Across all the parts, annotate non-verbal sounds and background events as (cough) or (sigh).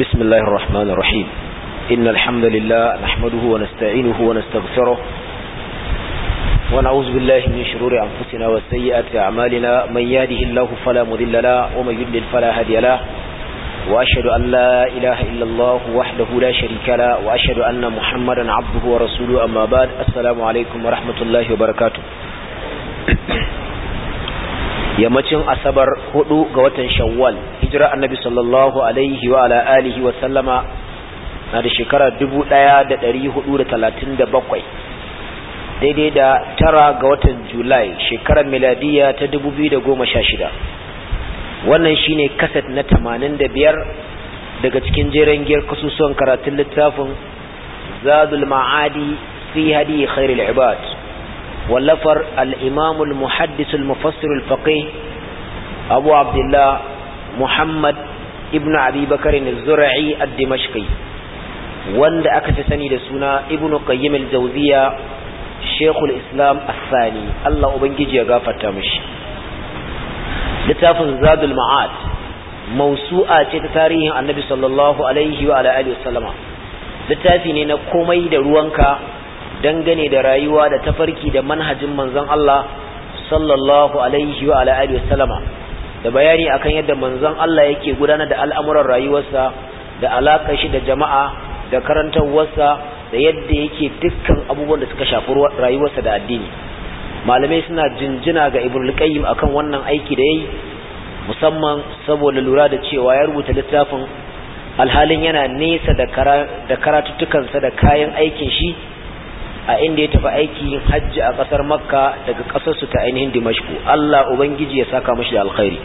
بسم الله الرحمن الرحيم إن الحمد لله نحمده ونستعينه ونستغفره ونعوذ بالله من شرور أنفسنا وسيئات أعمالنا من يهده الله فلا مذل لا ومن يدل فلا هادي لا وأشهد أن لا إله إلا الله وحده لا شريك لا وأشهد أن محمدا عبده ورسوله أما بعد السلام عليكم ورحمة الله وبركاته yammacin asabar hudu ga watan shawwal hijira annabi sallallahu alaihi wa ala alihi wa sallama na da shekara 1437 daidai da tara ga watan julai shekarar miladiya ta sha shida, wannan shine kaset na tamanin da biyar daga cikin jeren giyar kasusuwan karatun littafin zadul ma'adi fi hadi khairul ibad wallafar al'imamul muhaddisul mufassirul faƙi abu abdullah muhammad ibn abi bakarin zura'i a dimashqi wanda aka fi sani da suna Ibnu qayyim al-jawziya shekul islam asani Allah ubangiji ya gafarta mishi littafin zadul ma'ad mausu'a ce ta tarihin annabi sallallahu alaihi wa alihi littafi ne na komai da ruwanka dangane da rayuwa da tafarki da manhajin manzon Allah sallallahu alaihi wa alihi wasallama da bayani akan yadda manzon Allah yake gudanar da al'amuran rayuwarsa da alakar shi da jama'a da karantarwarsa da yadda yake dukkan abubuwan da suka shafi rayuwarsa da addini malamai suna jinjina ga Ibn Qayyim akan wannan aiki da yayi musamman saboda lura da cewa ya rubuta littafin alhalin yana nesa da karatuttukansa da kayan aikin shi a inda ya tafi aikin hajji a ƙasar makka daga ƙasarsu ta ainihin dimashku allah ubangiji ya saka mashi da alkhairi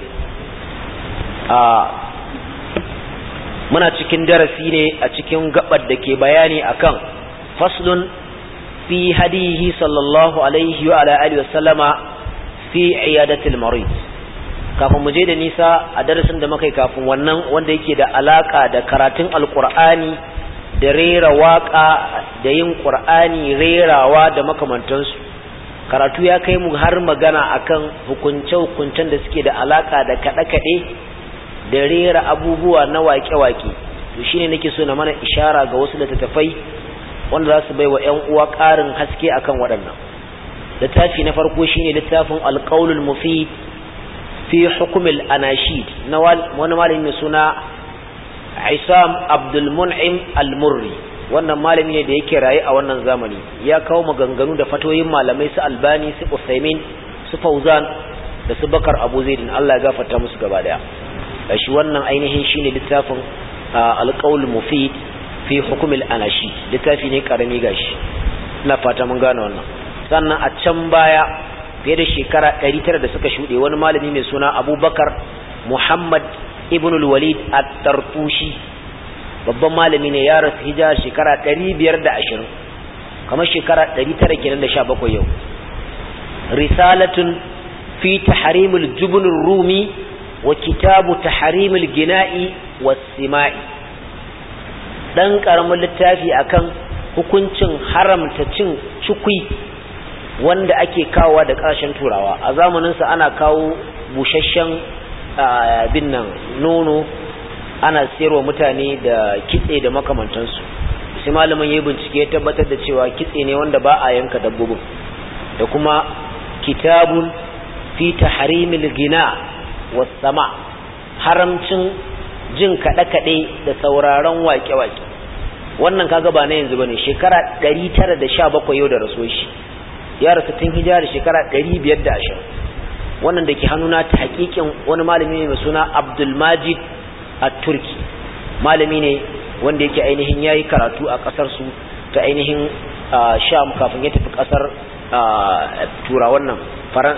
muna cikin darasi ne a cikin gabar da ke bayani akan faslun fi hadihi sallallahu alaihi wa ala wa fi marid kafin mu je da nisa a darasin da muka kafin wannan wanda yake da alaka da karatun alqur'ani da rera waka da yin ƙur'ani rerawa da makamantansu karatu ya kai mu har magana akan hukunce-hukuncen da suke da alaka da kaɗe-kaɗe da rera abubuwa na wake-wake to shine nake so na mana ishara ga wasu littattafai wanda za su bai wa 'yan uwa ƙarin haske akan waɗannan littafi na farko shine littafin alƙaulul mufid fi hukumil anashid na wani malami suna Isam Abdul Mun'im Al-Murri wannan malami ne da yake raye a wannan zamani ya kawo maganganu da fatoyin malamai su Albani su Usaimin su Fauzan da su Bakar Abu Zaidin Allah ya gafarta musu gaba daya shi wannan ainihin shine littafin al Mufid fi Hukm al-Anashi littafi ne karami gashi ina fata mun gane wannan sannan a can baya fiye da shekara 900 da suka shuɗe wani malami mai suna Abubakar Muhammad ibn al-walid at-tartushi babban malami ne ya rasu hijira shekara 520 kamar shekara 1917 yau risalatun fi tahrimul jubn rumi wa kitabu tahrimul gina'i was-sima'i dan karamin littafi akan hukuncin haramta cin cukwi wanda ake kawowa da kashin turawa a zamaninsa ana kawo busasshen abin nan nono ana sayarwa mutane da kitse da makamantansu sai malamin yayi bincike ya tabbatar da cewa kitse ne wanda ba a yanka dabbobin da kuma kitabun fi taharimil gina was sama haramcin jin kaɗe-kaɗe da sauraron wake-wake wannan kaga ba na yanzu bane shekara 917 yau da rasuwar shi ya rasu tun hijira da shekara 520 wannan da ke hannuna ta hakikin wani malami ne mai suna abdulmajid a turki malami ne wanda yake ainihin ya yi karatu a kasarsu su ta ainihin sham kafin ya tafi kasar tura wannan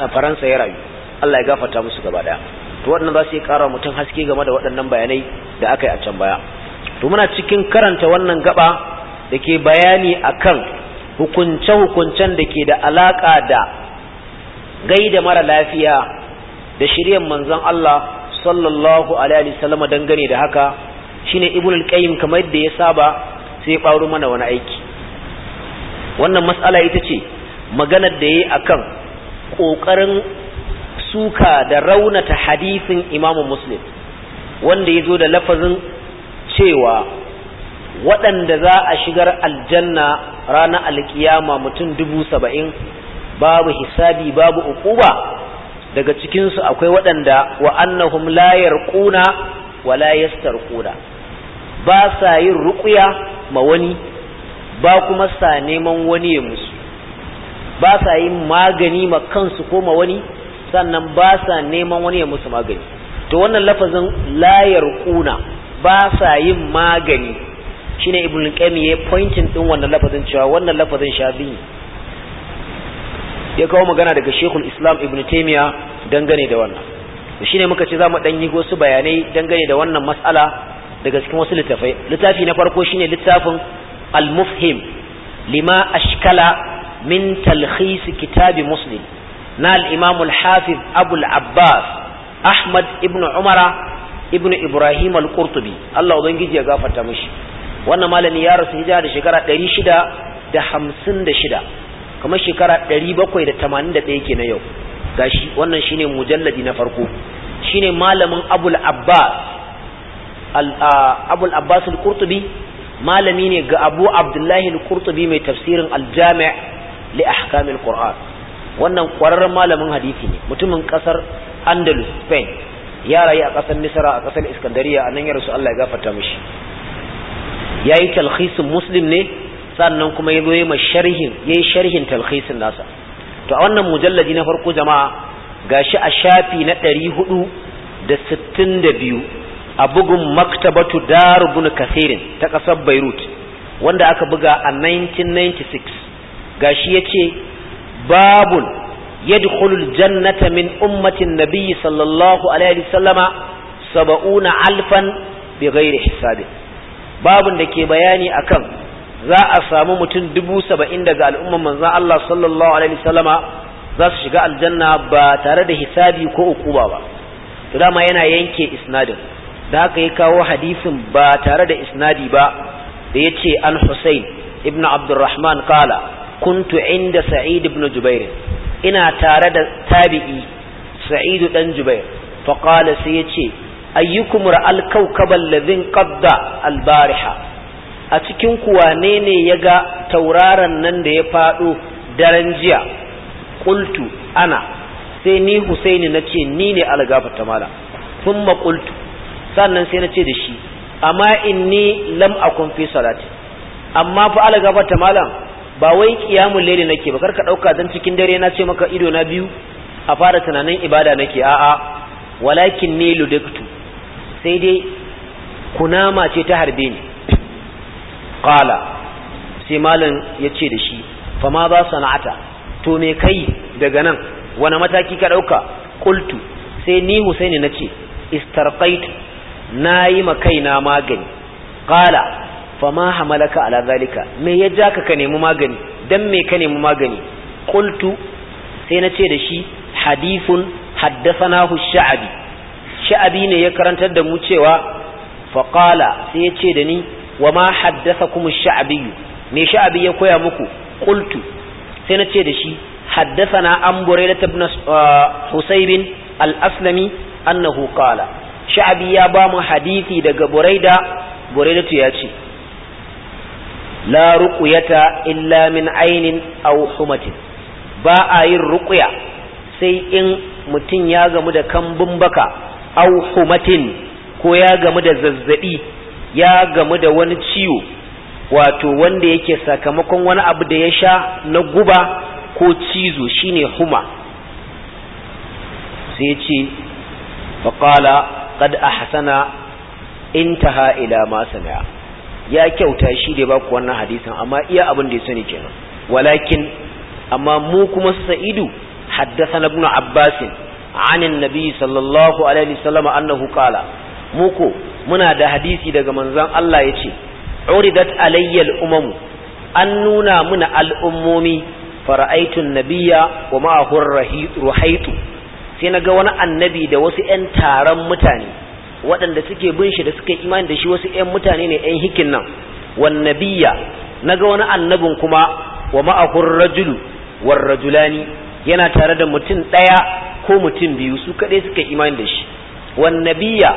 faransa ya rayu allah ya gafata musu gaba daya to waɗannan za su yi ƙara mutum haske game da waɗannan bayanai da aka yi a can baya to muna cikin karanta wannan gaba da ke bayani akan hukunce-hukuncen da ke da alaƙa da gaida mara lafiya da shirin manzon Allah sallallahu alaihi wasallam dangane da haka shine ibnu al-qayyim kamar yadda ya saba sai ya mana wani aiki wannan mas'ala ita ce maganar da yayi akan kokarin suka da raunata hadisin Imam Muslim wanda ya zo da lafazin cewa waɗanda za a shigar aljanna rana alkiyama mutum dubu saba'in babu hisabi babu uquba daga cikin su akwai waɗanda wa annahum la yarquna wa la yastarquna ba sa yin ruqya ma wani ba kuma sa neman wani ya musu ba sa yin magani ma kansu ko ma wani sannan ba sa neman wani ya musu magani to wannan lafazin la yarquna ba sa yin magani shine ibn qayyim ya pointing din wannan lafazin cewa wannan lafazin shafi ya kawo magana daga shekul islam ibn taimiya dangane da wannan da shine muka ce za mu ɗan yi wasu bayanai dangane da wannan matsala daga cikin wasu littafai littafi na farko shine littafin al-mufhim lima ashkala min talkhis kitabi muslim na al-imam al-hafiz abu al-abbas ahmad ibn umara ibn ibrahim al-qurtubi Allah ubangiji ya gafarta mishi wannan malami ya rasu hijira da shekara 656 kamar shekara 781 ke na yau gashi wannan shine mujalladi na farko shine malamin abul abbas abul abbas al-qurtubi malami ne ga abu abdullahi al-qurtubi mai tafsirin al-jami' li ahkam al-qur'an wannan kwararren malamin hadisi ne mutumin kasar andalus spain ya rayu a kasar misra a kasar iskandariya a nan ya rasu Allah ya gafarta mishi yayi talkhisin muslim ne sannan kuma ya yazo yayi sharhin yayi sharhin talhisin nasa to a wannan mujalladi na farko jama'a gashi a shafi na hudu da da biyu, a bugun maktabatu darubun kasirin ta ƙasar Beirut wanda aka buga a 1996 gashi ce, babun yadkhulul jannata min ummatin nabiyyi sallallahu alaihi wasallama saba'una alfan bighairi hisabin babun da ke bayani akan za a samu mutum dubu saba'in daga al'umman manzan Allah sallallahu alaihi wasallama za su shiga aljanna ba tare da hisabi ko ukuba ba to dama yana yanke isnadin da haka ya kawo hadisin ba tare da isnadi ba da ya ce an husain ibn Abdurrahman kala kuntu inda Sa'id ibn Jubair ina tare da tabi'i Sa'id dan Jubair fa qala sai ya ce ayyukum ra'al kawkabal ladhin qadda al-bariha a cikin kuwa ne ne ya ga tauraron nan da ya faɗo daren jiya Kultu. ana sai ni husaini na ce ni ne algafata mala sun maƙultu sannan sai na ce da shi amma ni lam a fi salati amma fa algafata malam ba wai ƙiyamun layli nake ba karka ɗauka dan cikin dare na ce maka ido na biyu a fara tunanin ibada nake a'a walakin ni ludiktu sai dai kunama ce ta harbe ni qala sai malam yace da shi fama ba sana'ata to me kai daga nan wani mataki ka ɗauka? qultu sai ni husaini nace istarqaitu nayi ma na magani qala fama hamalaka ala zalika me ya ja ka ka nemi magani dan me ka nemi magani qultu sai nace da shi hadithun hu sha'abi sha'abi ne ya karantar da mu cewa faqala sai ya ce da ni wa ma haddasa kuma sha'abiyu me sha'abi ya koya muku qultu sai na ce da shi haddathana an burayda ibn ah, husayb al-aslami annahu qala sha'abi ya ba mu hadisi daga Buraida. burayda ya ce la ruqyata illa min aynin aw humatin ba a yin ruqya sai in mutum ya gamu da kambun baka aw humatin ko ya gamu da zazzaɓi. ya gamu da wani ciwo wato wanda yake sakamakon wani abu da ya sha na guba ko cizo shine huma sai ya ce faƙala kad ahsana intaha ila ma ya kyauta shi da ba ku wannan hadisan amma iya abin da ya sani kenan walakin amma mu kuma sa'idu haddasa na abbas an annabi sallallahu alaihi wasallam annahu qala muko muna da hadisi daga manzon Allah ya yace uridat alayyal umam an nuna muna al'ummomi fara'aitun nabiyya wa ma'ahu ruhaitu sai naga wani annabi da wasu 'yan taron mutane waɗanda suke bin shi da suke imani da shi wasu ƴan mutane ne ƴan hikin nan wan nabiyya naga wani annabin kuma wa ma'ahu rajulu war rajulani yana tare da mutum ɗaya ko mutum biyu su kaɗai suka imani da shi wan nabiyya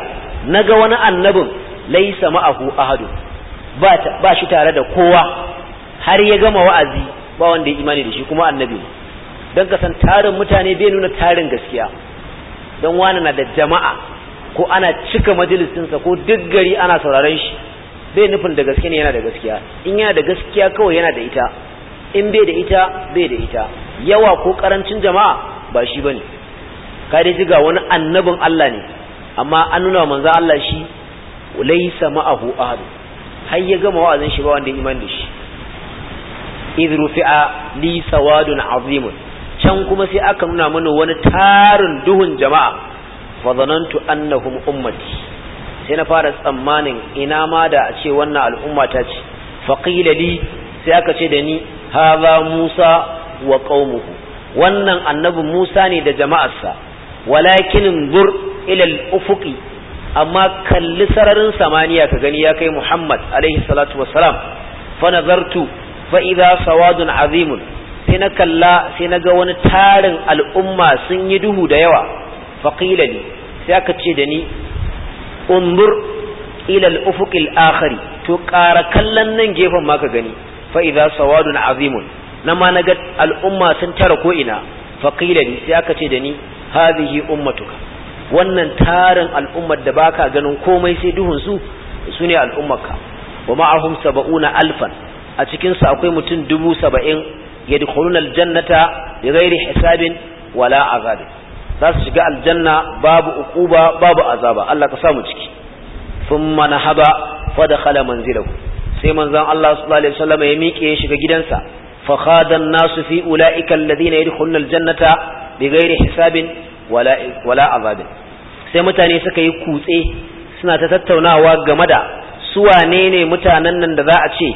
Na ga wani annabin laisa ma'ahu ahadu ba shi tare da kowa har ya gama wa'azi ba wanda ya imani da shi kuma annabi don kasan tarin mutane bai nuna tarin gaskiya don wani na da jama'a ko ana cika majalisinsa ko duk gari ana sauraron shi bai nufin da gaske ne yana da gaskiya in yana da gaskiya kawai yana da ita in bai da ita bai da ita yawa ko karancin jama'a ba shi bane ka ji ga wani annabin Allah ne amma an nuna wa manzo Allah shi laysa ma'ahu ahad har ya gama wa'azin shi ba wanda ya iman da shi idh rufi'a li sawadun azim can kuma sai aka nuna mana wani tarin duhun jama'a fa zanantu annahum ummati sai na fara tsammanin ina ma da a ce wannan al'umma ta ce faqila li sai aka ce da ni hadha musa wa qaumuhu wannan annabi musa ne da jama'arsa walakin zur ila al amma kalli sararin samaniya ka gani ya kai Muhammad alaihi salatu wassalam fa nazartu fa idha sawadun azimun sai na kalla sai na ga wani tarin al'umma sun yi duhu da yawa fa qila li sai aka ce da ni undur ila al akhari to ƙara kallon nan gefen ma ka gani fa idha azimun na ma al'umma sun tara ko ina fa qila sai aka ce da ni hadhihi ummatuka wannan tarin al'ummar da baka ganin komai sai duhun su sune al'ummarka wa ma'ahum sab'una alfan a cikin su akwai mutum dubu saba'in yadkhuluna aljannata bighairi hisabin wala azab za su shiga aljanna babu uquba babu azaba Allah ka samu ciki thumma nahaba fa dakhala manzilahu sai manzon Allah sallallahu alaihi wasallam ya miƙe ya shiga gidansa fa khadan nasu fi ulaika alladhina yadkhuluna aljannata bi hisabin wala azabin sai mutane suka yi kutse suna ta tattaunawa game da su wanene ne mutanen nan da za a ce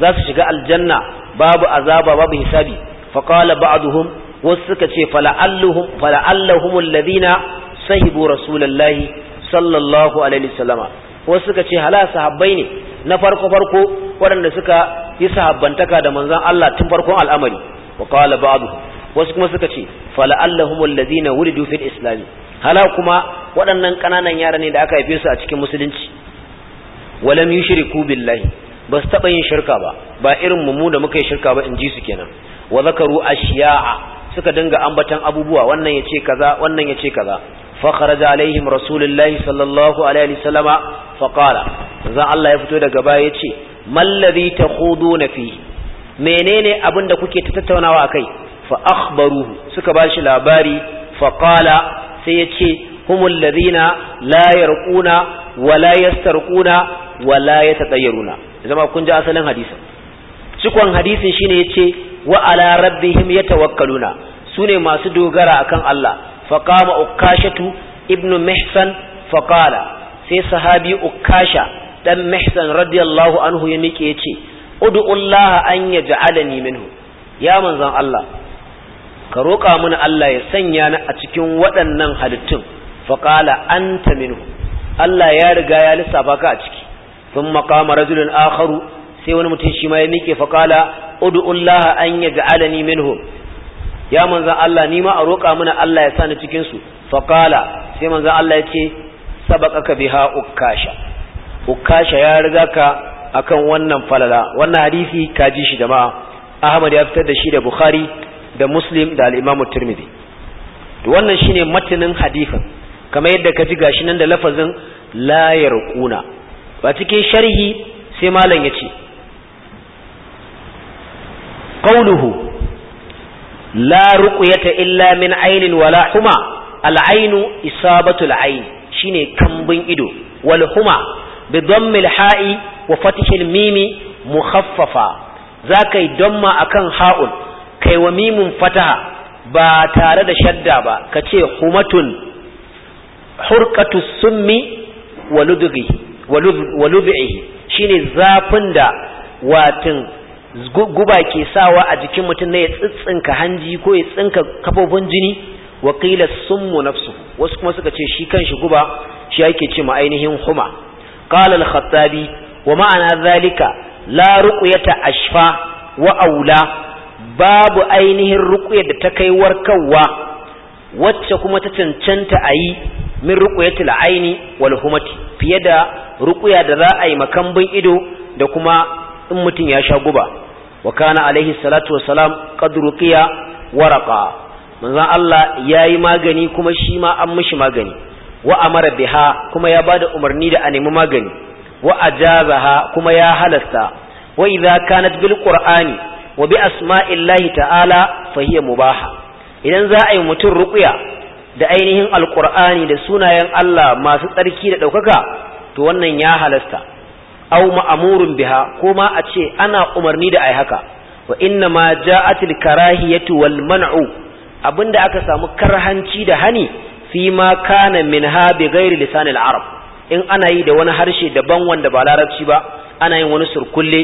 za su shiga aljanna babu azaba babu hisabi fa qala ba'duhum wasu suka ce fala'alluhum fala'allahum sahibu rasulullahi sallallahu alaihi wasallama wasu suka ce hala sahabbai ne na farko farko waɗanda suka yi sahabbantaka da manzon Allah tun farkon al'amari wa qala wasu kuma suka ce fala'allahum allazina wulidu fil islam hala kuma waɗannan ƙananan yara ne da aka haife su a cikin musulunci walam yushriku billahi ba su taɓa yin shirka ba ba irin mu da muka yi shirka ba in ji su kenan wa zakaru ashiya'a suka dinga ambatan abubuwa wannan ya ce kaza wannan ya ce kaza fa kharaja alaihim rasulullahi sallallahu alaihi wasallama fa qala zan Allah ya fito daga baya ya ce mallazi takhuduna fi menene abin da kuke ta tattaunawa akai fa akhbaruhu suka bashi labari fa qala sai yace humul ladina la yarquna wa la yastarquna wa la yatatayyaruna zama kun ji asalin hadisin cikon hadisin shine yace wa ya rabbihim yatawakkaluna sune masu dogara akan Allah fa qama ukashatu ibnu mihsan fa sai sahabi ukasha dan mihsan radiyallahu anhu ya nike yace ud'u Allah an yaj'alani minhu ya manzon Allah ka roƙa mana Allah ya sanya ni a cikin waɗannan halittun faƙala an ta minhu. Allah ya riga ya lissafa ka a ciki sun maƙama rajulun akharu sai wani mutum shi ma ya miƙe faƙala udu'ullaha an ya alani minhum ya manzan Allah ni ma a roƙa mana Allah ya sani cikin su faƙala sai manzan Allah ya ce ka biha ukasha ukasha ya riga ka akan wannan falala wannan hadisi ka ji shi jama'a Ahmad ya fitar da shi da Bukhari da muslim da al'imamu turmidi wannan shine matanin hadifin kamar yadda ka ji gashi nan da lafazin layar kuna ba cikin sharhi sai malam ya ce ƙauluhu la ruqyata illa min ainin wala huma al'ainu isabatul ain shine kambin ido wal huma bi milha'i ha'i wa fathil mimi mukhaffafa ma damma akan ha'un kai wa mimun fataha ba tare da shadda ba ka ce humatun hurkatu summi wa shi shine zafin da watin guba ke sawa a jikin mutum na ya tsitsinka hanji ko ya tsinka kafofin jini wa sun summu nafsu wasu kuma suka ce shi kanshi guba shi yake ce ma ainihin huma kalal khattabi wa ma'ana zalika la ya ashfa wa aula babu ainihin ruqyar da ta kai warkarwa wacce kuma ta cancanta a yi min ruqyatil aini wal humati fiye da ruqya da za a yi makambin ido da kuma in mutum ya sha guba wa kana alaihi salatu wassalam qad ruqiya waraqa manzon Allah yayi magani kuma shi ma an mishi magani wa amara biha kuma ya bada umarni da a nemi magani wa ajazaha kuma ya halasta wa idza kanat bil qur'ani wa bi asma'illahi ta'ala fa hiya mubaha idan za a yi mutum ruqya da ainihin alqur'ani da sunayen Allah masu tsarki da daukaka to wannan ya halasta aw ma'murun biha ko ma a ce ana umarni da ai haka wa inna ma ja'atil karahiyatu wal man'u abinda aka samu karhanci da hani fi ma kana minha bi ghairi lisanil arab in ana yi da wani harshe daban wanda ba larabci ba ana yin wani surkulle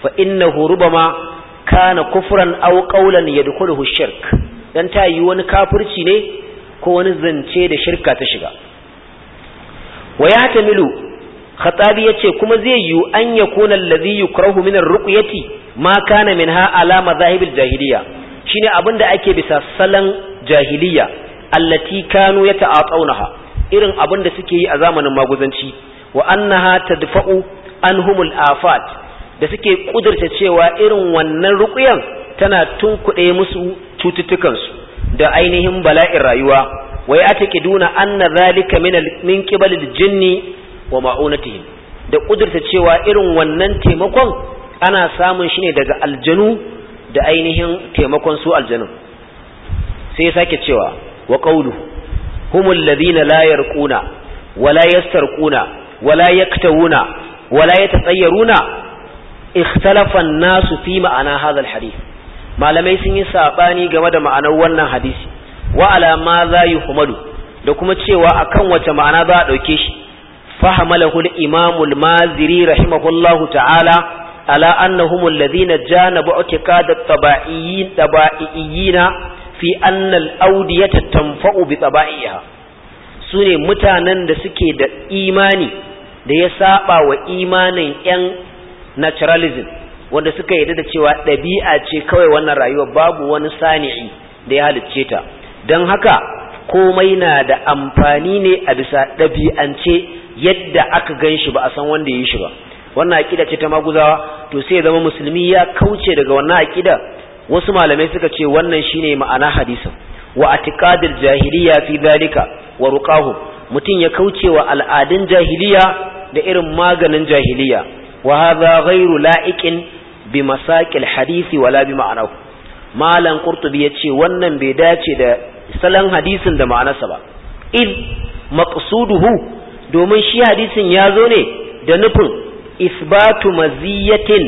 fa innahu rubama kana kufran aw qawlan yadkhuluhu shirk dan ta yi wani kafirci ne ko wani zance da shirka ta shiga wa yahtamilu khatabi yace kuma zai yi an yakuna alladhi yukrahu min ar ma kana minha ala madhahibil jahiliya shine abinda ake bisa salan jahiliya allati kanu tsaunaha irin abinda suke yi a zamanin maguzanci wa annaha tadfa'u anhumul afat da suke kudurta cewa irin wannan ruƙuyan tana tunkuɗe musu cututtukansu da ainihin bala'in rayuwa wai take duna anna zalika min min jinni wa ma'unatihim da kudurta cewa irin wannan taimakon ana samun shi ne daga aljanu da ainihin taimakon su aljanu sai sake cewa wa qawlu humul ladina la yarquna wala yastarquna wala yaktawuna wala yatatayyaruna ikhtalafan nasu fi ma'ana hadal alhadith malamai sun yi sabani game da ma'anar wannan hadisi wa ala ma za da kuma cewa akan wace ma'ana za a ɗauke shi fahamalahu al imamul maziri rahimahullahu ta'ala ala annahum alladhina janabu i'tiqad at-taba'iyyin taba'iyina fi anna al-awdiyata tanfa'u bi taba'iha sune mutanen da suke da imani da ya saba wa imanin yan naturalism wanda suka yarda da cewa ɗabi'a ce kawai wannan rayuwa babu wani sani'i da ya halicce ta don haka komai na da amfani ne a bisa ɗabi'ance yadda aka gan shi ba a san wanda ya yi shi ba wannan aƙida ce ta maguzawa to sai ya zama musulmi ya kauce daga wannan aƙida wasu malamai suka ce wannan shine ma'ana hadisin wa atiqadil jahiliya fi dalika wa ruqahu mutum ya kauce wa al'adun jahiliya da irin maganin jahiliya wa hadha ghairu la'iqin bi masaqil hadisi wala bi ma'anahu malam qurtubi yace wannan bai dace da salon hadisin da ma'anarsa ba id maqsuduhu domin shi hadisin ya zo ne da nufin isbatu maziyatin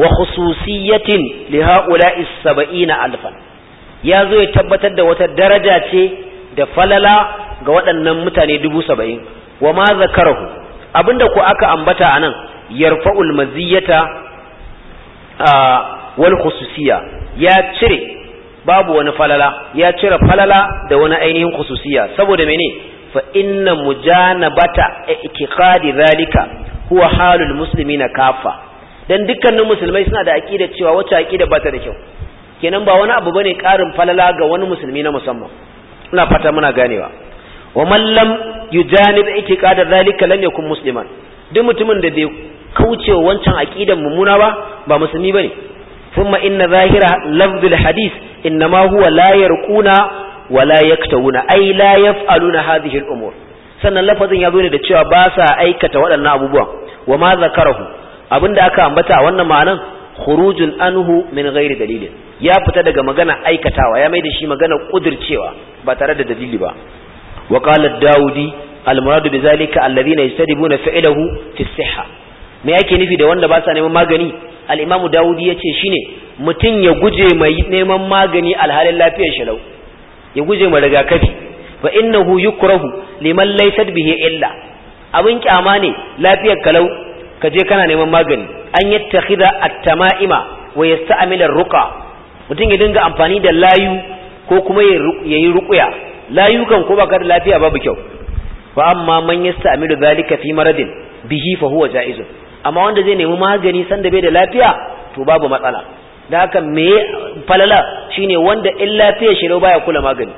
wa khususiyatin li ha'ula'i 70 alfan ya zo ya tabbatar da wata daraja ce da falala ga waɗannan mutane dubu saba'in wa ma zakarahu abinda ku aka ambata anan yarfa'ul maziyata wal khususiyya ya cire babu wani falala ya cire falala da wani ainihin khususiyya saboda mene fa inna mujanabata iqtiqadi zalika huwa halul muslimina kafa dan dukkanin musulmai suna da aqida cewa wacce aqida bata da kyau kenan ba wani abu bane karin falala ga wani musulmi na musamman ina fata muna ganewa wa man lam yujanib i'tiqada zalika lan yakun musliman duk mutumin da bai kaucewa wancan aqidan mummuna ba ba musulmi bane thumma inna zahira lafzul hadith innama huwa la yarquna wa la yaktawuna ay la yaf'aluna hadhihi al-umur sannan lafazin ya zo ne da cewa ba sa aikata waɗannan abubuwan wa ma zakarahu abinda aka ambata a wannan ma'anan khurujun anhu min ghairi dalilin ya fita daga magana aikatawa ya mai da shi magana kudircewa ba tare da dalili ba wa qala daudi al muradu bi zalika alladhina yastadibuna fi'lahu fi sihha me yake nufi da wanda ba sa neman magani al-imamu dawudi yace shine mutum ya guje mai neman magani alhalin lafiyar shalau ya guje mai rigakafi fa innahu yukrahu liman laysa bihi illa abin kyama ne lafiyar kalau ka je kana neman magani an yattakhidha at-tama'ima wa yasta'mil ar-ruqa mutum ya dinga amfani da layu ko kuma yayi ruqya layu kan ko baka da lafiya ba babu kyau fa amma man yasta'milu dhalika fi maradin bihi fa huwa jaizun amma wanda zai nemi magani sanda bai da lafiya to babu matsala da haka me falala shine wanda in lafiya shi baya kula magani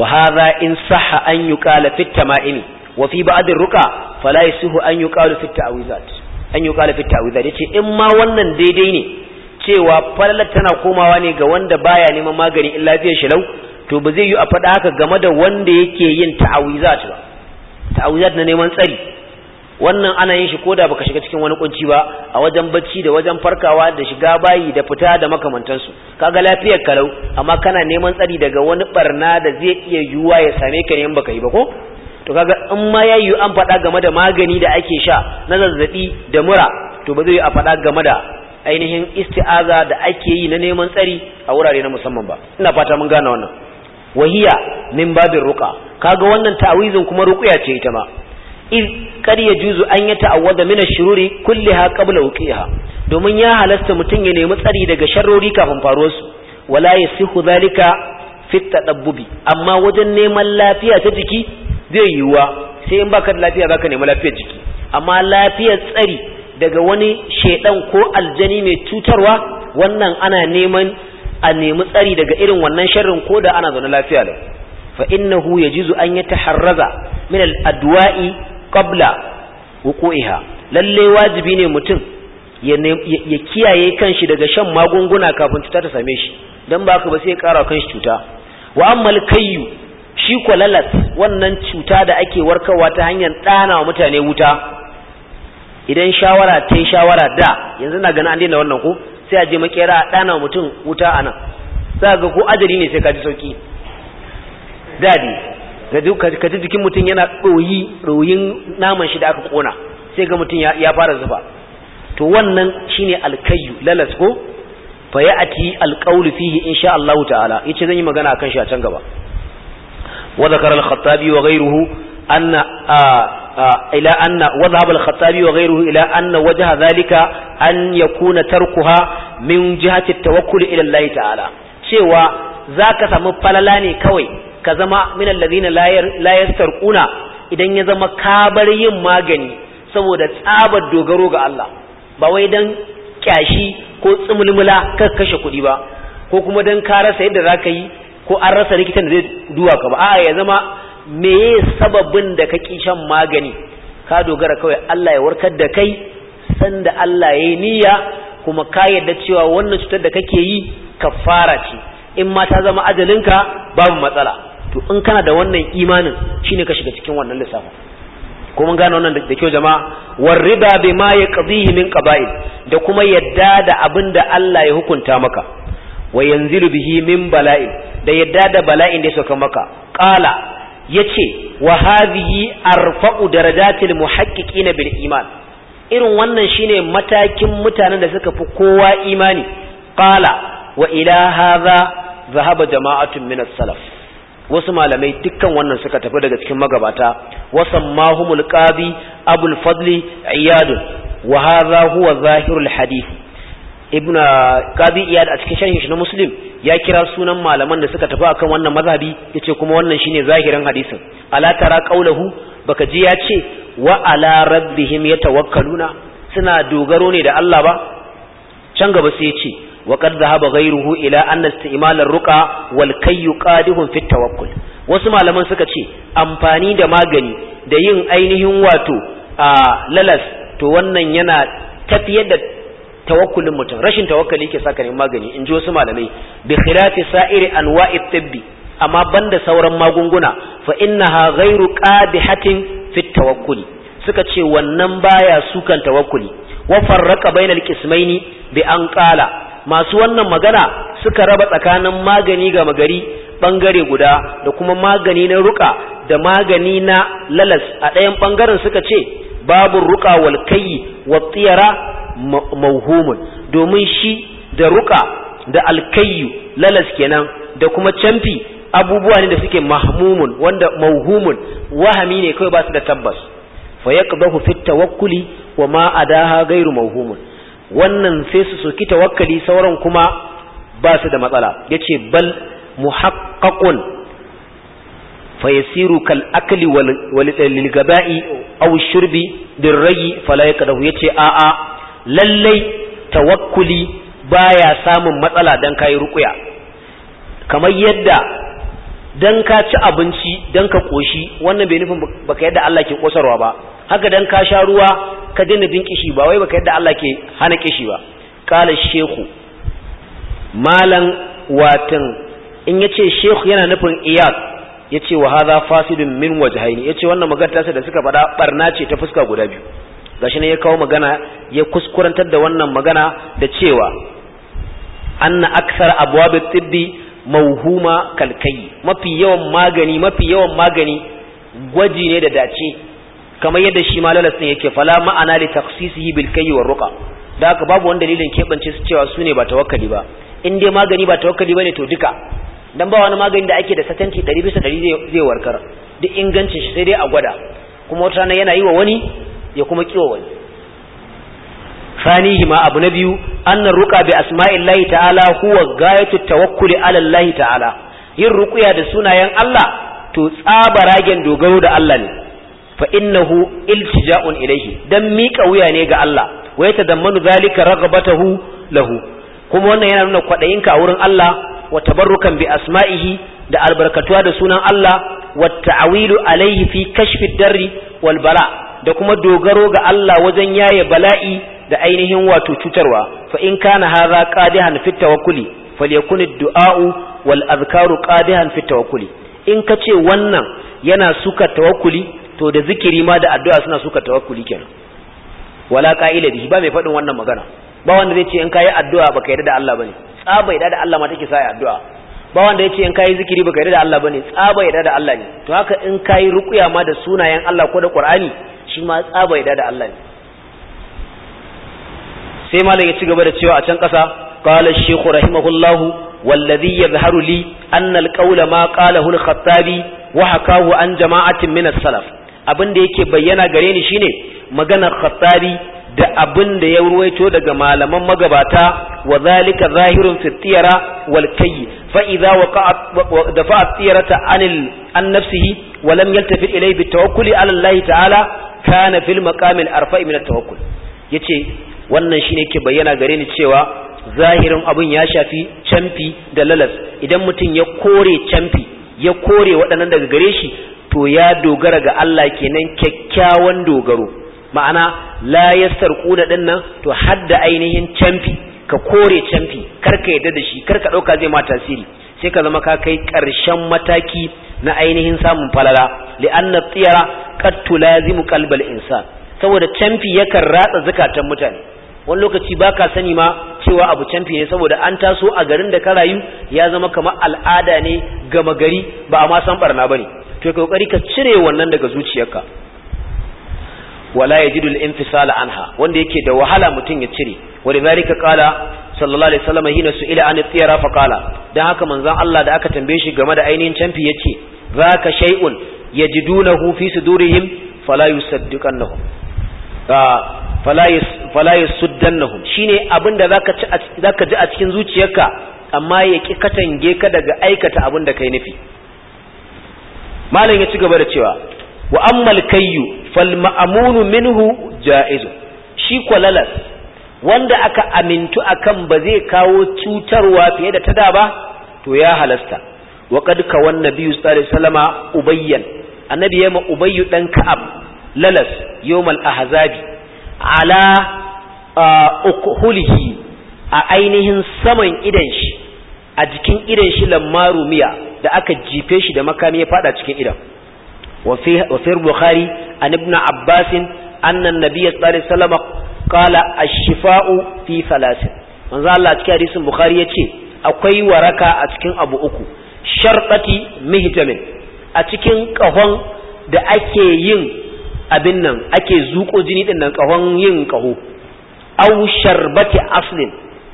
wa hadha in sahha an yuqala fit tama'imi wa fi ba'd ruqa fala yasihu an yuqalu fit ta'wizat an yuqala fit ta'wizat yace in ma wannan daidai ne cewa falalar tana komawa ne ga wanda baya neman magani in lafiya shi lau to ba zai yi a faɗa haka game da wanda yake yin ta'awizat ba ta'awizat na neman tsari wannan ana yin shi koda baka shiga cikin wani kunci ba a wajen bacci da wajen farkawa da shiga bayi da fita da makamantansu kaga lafiyar kalau amma kana neman tsari daga wani barna da zai iya yiwuwa ya same ka ne in baka yi ba ko to kaga in ma ya yiwu an faɗa game da magani da ake sha na zazzabi da mura to ba zai yi a faɗa game da ainihin isti'aza da ake yi na neman tsari a wurare na musamman ba ina fata mun gane wannan wahiya min babin ruqa kaga wannan ta'awizin kuma ruqya ce ita ma iz kar ya juzu an yi ta'awwada min ash-shururi kulliha qabla wuqiha domin ya halasta mutun ya nemi tsari daga sharrori kafin faruwar su wala yasihu zalika fi tadabbubi amma wajen neman lafiya ta jiki zai yiwuwa sai in baka lafiya zaka nemi lafiyar jiki amma lafiyar tsari daga wani shedan ko aljani mai cutarwa wannan ana neman a nemi tsari daga irin wannan sharrin ko da ana zaune lafiya lau fa innahu yajizu an yataharraza min al-adwa'i qabla wuqu'iha lalle wajibi ne mutum ya kiyaye kanshi daga shan magunguna kafin cuta ta same shi dan ba ka ba sai ya kara kanshi cuta wa ammal kayyu shi ko wannan cuta da ake warkarwa ta hanyar dana wa mutane wuta idan shawara ta shawara da yanzu na gani an daina wannan ko sai a je makera a dana mutum wuta anan za ga ko ajali ne sai ka ji sauki dadi ka ji jikin mutum yana ɗoyi ɗoyin naman shi da aka ƙona sai ga mutum ya fara zuba to wannan shine alkayu lalas ko fa ya'ti alqawlu fihi insha Allah ta'ala yace zan yi magana akan shi a can gaba wa zakara al-khattabi wa ghayruhu anna ila anna wa dhahaba al-khattabi wa ghayruhu ila anna wajha dhalika an yakuna tarkuha min jihati at-tawakkul ila Allah ta'ala cewa zaka samu falala ne kawai ka zama min allazina la yastarquna idan ya zama ka bar yin magani saboda tsabar dogaro ga Allah ba wai dan kyashi ko tsimulmula ka kashe kuɗi ba ko kuma dan ka rasa yadda zaka yi ko an rasa likitan da zai duwa ka ba a ya zama meye sababin da ka ki shan magani ka dogara kawai Allah ya warkar da kai sanda Allah ya yi niyya kuma ka yarda cewa wannan cutar da kake yi kafara ce in ma ta zama ajalinka babu matsala to in kana da wannan imanin shine ka shiga cikin wannan lissafin ko mun gane wannan da kyau jama'a war riba ma yaqdihi min qaba'il da kuma yadda da abinda Allah ya hukunta maka wa yanzilu bihi min bala'in da yadda da bala'in da ya sauka maka qala yace wa hadhihi arfa'u darajatil muhaqqiqina bil iman irin wannan shine matakin mutanen da suka fi kowa imani qala wa ila hadha dhahaba jama'atun min as-salaf wasu malamai dukkan wannan suka tafi daga cikin magabata wasan mahumul qabi abul fadli iyad wa hadha huwa zahirul hadith ibn qadi iyad a cikin sharhi shi na muslim ya kira sunan malaman da suka tafi akan wannan mazhabi yace kuma wannan shine zahirin hadisin ala tara qawluhu baka ji ya ce wa ala rabbihim yatawakkaluna suna dogaro ne da Allah ba can gaba sai ya ce وقد ذهب غيره إلى أن استعمال الرقى والكي قادح في التوكل wasu malaman suka ce amfani da magani da yin ainihin wato a lalas to wannan yana tafiyar da tawakkulin mutum rashin tawakkali ke saka ne magani in ji wasu malamai bi khilafi sa'iri anwa'i tibbi amma banda sauran magunguna fa innaha ghairu qabihatin fi tawakkuli suka ce wannan baya sukan tawakkuli wa farraqa bainal qismaini bi an qala masu wannan magana suka raba tsakanin magani ga magari bangare guda da kuma magani na ruka da magani na lalas a ɗayan bangaren suka ce babu ruka wal kai wa tsiyara mauhumun domin shi da ruka da alkayyu lalas kenan da kuma camfi abubuwa ne da suke mahmumun wanda mauhumun wahami ne kawai ba su da tabbas fa yaqdahu fit tawakkuli wa ma adaha ghairu mauhumun wannan sai su soki tawakkali sauran kuma ba su da matsala yace bal muhaqqaqun fayasiru kal akli wal lil gaba'i aw shurbi dirrayi fala yakdahu yace a a lallai tawakkuli baya samun matsala dan kai ruqya kamar yadda dan ka ci abinci dan ka koshi wannan bai nufin baka yadda Allah ke kosarwa ba haka dan ka sha ruwa ka daina bin kishi ba wai baka yadda Allah ke hana kishi ba qala shehu malan watan in yace shehu yana nufin iyad yace wa hadha fasidun min wajhaini yace wannan magana ta da suka fada barna ce ta fuska guda biyu gashi ne ya kawo magana ya kuskurantar da wannan magana da cewa anna aksar abwabit tibbi mawhuma kalkai mafi yawan magani mafi yawan magani gwaji ne da dace kamar yadda shi ma lalas din yake fala ma'ana li takhsisihi bil kayyi war ruqa da haka babu wani dalilin kebance su cewa su ne ba tawakkali ba in dai magani ba tawakkali ne to duka dan ba wani magani da ake da satanci 100 bisa 100 zai warkar duk ingancin shi sai dai a gwada kuma wata rana yana yi wa wani ya kuma kiwa wani na أبو نبي أن الرقى بأسماء الله تعالى هو غاية التوكل على الله ta'ala yin ruƙuya da sunayen Allah to tsabaragen dogaro da Allah ne fa innahu iltija'un ilayhi dan miƙa wuya ne ga Allah wa yatadammanu zalika raghbatahu lahu kuma wannan yana nuna kwadayinka a wurin Allah wa tabarrukan bi asma'ihi da albarkatuwa da sunan Allah wa ta'awilu alayhi fi kashfi darri wal bala da kuma dogaro ga Allah wajen yaye bala'i da ainihin wato cutarwa fa in kana hadha qadihan fi tawakkuli falyakun ad-du'a'u wal azkaru qadihan fi tawakkuli in kace wannan yana suka tawakkuli to da zikiri ma da addu'a suna suka tawakkuli kenan wala qa'ila bihi ba mai fadin wannan magana ba wanda zai ce in kai addu'a baka yarda da Allah bane tsaba yarda da Allah ma take sa addu'a ba wanda yace in kai zikiri baka yarda da Allah bane tsaba yarda da Allah ne to haka in kai ruqya ma da sunayen Allah ko da Qur'ani shi ma tsaba yarda da Allah ne sai malam ya ci gaba da cewa a can kasa qala ash-shaykh rahimahullahu والذي يظهر لي أن القول ما قاله الخطابي وحكاه عن جماعة من السلف abin da yake bayyana gare ni shine maganar khattabi da abin da ya ruwaito daga malaman magabata wa zalika zahirun fi tiyara wal kayy fa idza tiyarata anil an nafsihi wa lam yaltafi ilayhi bi tawakkuli ala Allah ta'ala kana fil maqam al arfa'i min at tawakkul yace wannan shine yake bayyana gare ni cewa zahirin abin ya shafi camfi da lalas idan mutum ya kore camfi ya kore waɗannan daga gare shi to ya dogara ga Allah kenan kyakkyawan dogaro ma'ana la yastarquna dinnan to hadda ainihin canfi ka kore canfi ka yadda da shi kar ka ɗauka zai ma tasiri sai ka zama ka kai ƙarshen mataki na ainihin samun falala li'anna tsiyara qad tulazimu qalbal insan saboda canfi yakan ratsa zakatan mutane wani lokaci baka sani ma cewa abu canfi ne saboda an taso a garin da ka rayu ya zama kamar al'ada ne gama gari ba a ma san barna bane to ya kokari ka cire wannan daga zuciyarka wala yajidul infisala anha wanda yake da wahala mutum ya cire walidhalika qala sallallahu alaihi wasallam hina su'ila an tiyara fa qala dan haka manzon Allah da aka tambaye shi game da ainihin canfi yace zaka shay'un yajidunahu fi sudurihim fala yusaddiqannahum ah, fala fala yasuddannahum shine abinda zaka ci zaka ji a cikin zuciyarka amma ya ki katange ka daga aikata abin da kai nufi malam ya ci gaba da cewa wa ammal kayyu fal ma'amunu minhu ja'izu shi kwalalas wanda aka amintu akan ba zai kawo cutarwa fiye da tada ba to ya halasta wa kad ka wan nabiyyu sallallahu alaihi wasallama ubayyan annabi ya ma ubayyu dan ka'ab lalas yawmal ahzabi ala uh, ukuhulihi a ainihin saman idan shi a jikin idan shi lamma miya da aka jife shi da makami ya fada cikin idan wa fi bukhari an ibn abbas annan nabiy sallallahu alaihi wasallam qala ash-shifa'u fi cikin hadisin bukhari ce akwai waraka a cikin abu uku sharbati mihitamin a cikin kahon da ake yin abin nan ake zuko jini din nan kahon yin kaho aw sharbati aslin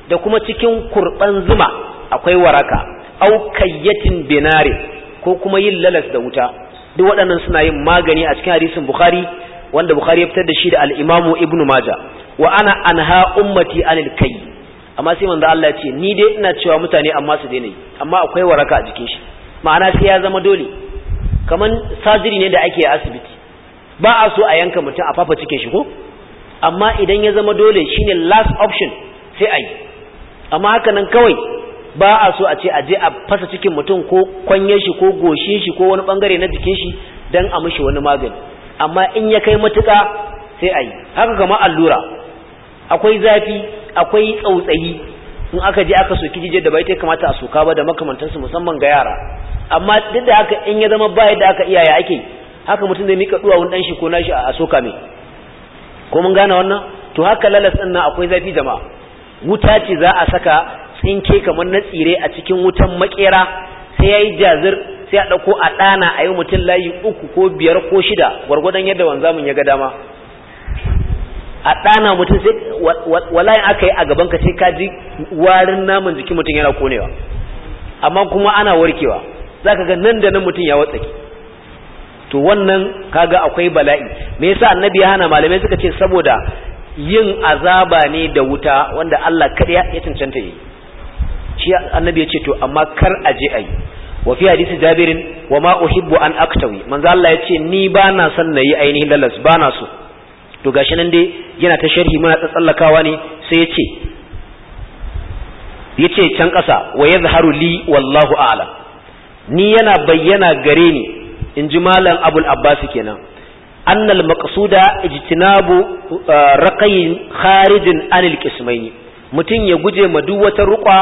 da kuma cikin kurban zuma akwai waraka au kayyatin binare ko kuma yin lalas da wuta duk waɗannan suna yin magani a cikin hadisin bukhari wanda bukhari ya fitar da shi da al-imamu ibnu maja wa ana anha ummati anil kayy amma sai manzo Allah ya ce ni dai ina cewa mutane amma su daina yi amma akwai waraka a jikin shi ma'ana sai ya zama dole kaman sajiri ne da ake a asibiti ba a so a yanka mutum a fafa cikin shi ko amma idan ya zama dole shine last option sai a amma haka nan kawai ba a so a ce a je a fasa cikin mutum ko kwanye shi ko goshe shi ko wani bangare na jikin shi dan a mishi wani magani amma in ya kai matuka sai a yi haka kama allura akwai zafi akwai tsautsayi in aka je aka soki jije da bai ta kamata a soka ba da makamantansu musamman ga yara amma duk da haka in ya zama baya da aka iyaye ake haka mutum zai mika duwa dan shi ko nashi a soka mai ko mun gane wannan to haka lalas ɗinnan akwai zafi jama'a wuta ce za a saka tsinke kamar na tsire a cikin wutan makera sai ya yi jazir sai a ɗauko a ɗana a yi mutum layi uku ko biyar ko shida gwargwadon yadda wanzamin ya ga dama a ɗana mutum sai walayin aka yi a gaban ka sai ka ji warin naman jikin mutum yana konewa amma kuma ana warkewa za ka ga nan da nan mutum ya watsake to wannan kaga akwai bala'i me yasa annabi ya hana malamai suka ce saboda yin azaba ne da wuta wanda Allah kaɗai ya cancanta yi shi annabi ya ce to amma kar a je a yi wa fi hadisi jabirin wa ma uhibbu an aktawi manzo Allah ya ce ni ba na son na yi ainihin lalas ba na so to gashi nan dai yana ta sharhi muna tsallakawa ne sai ya ce ya ce can ƙasa wa yadhharu li wallahu a'lam ni yana bayyana gare ni in ji malam abul abbas kenan annal maqsuda ijtinabu raqayin kharijin anil qismaini mutum ya guje ma duk wata ruqa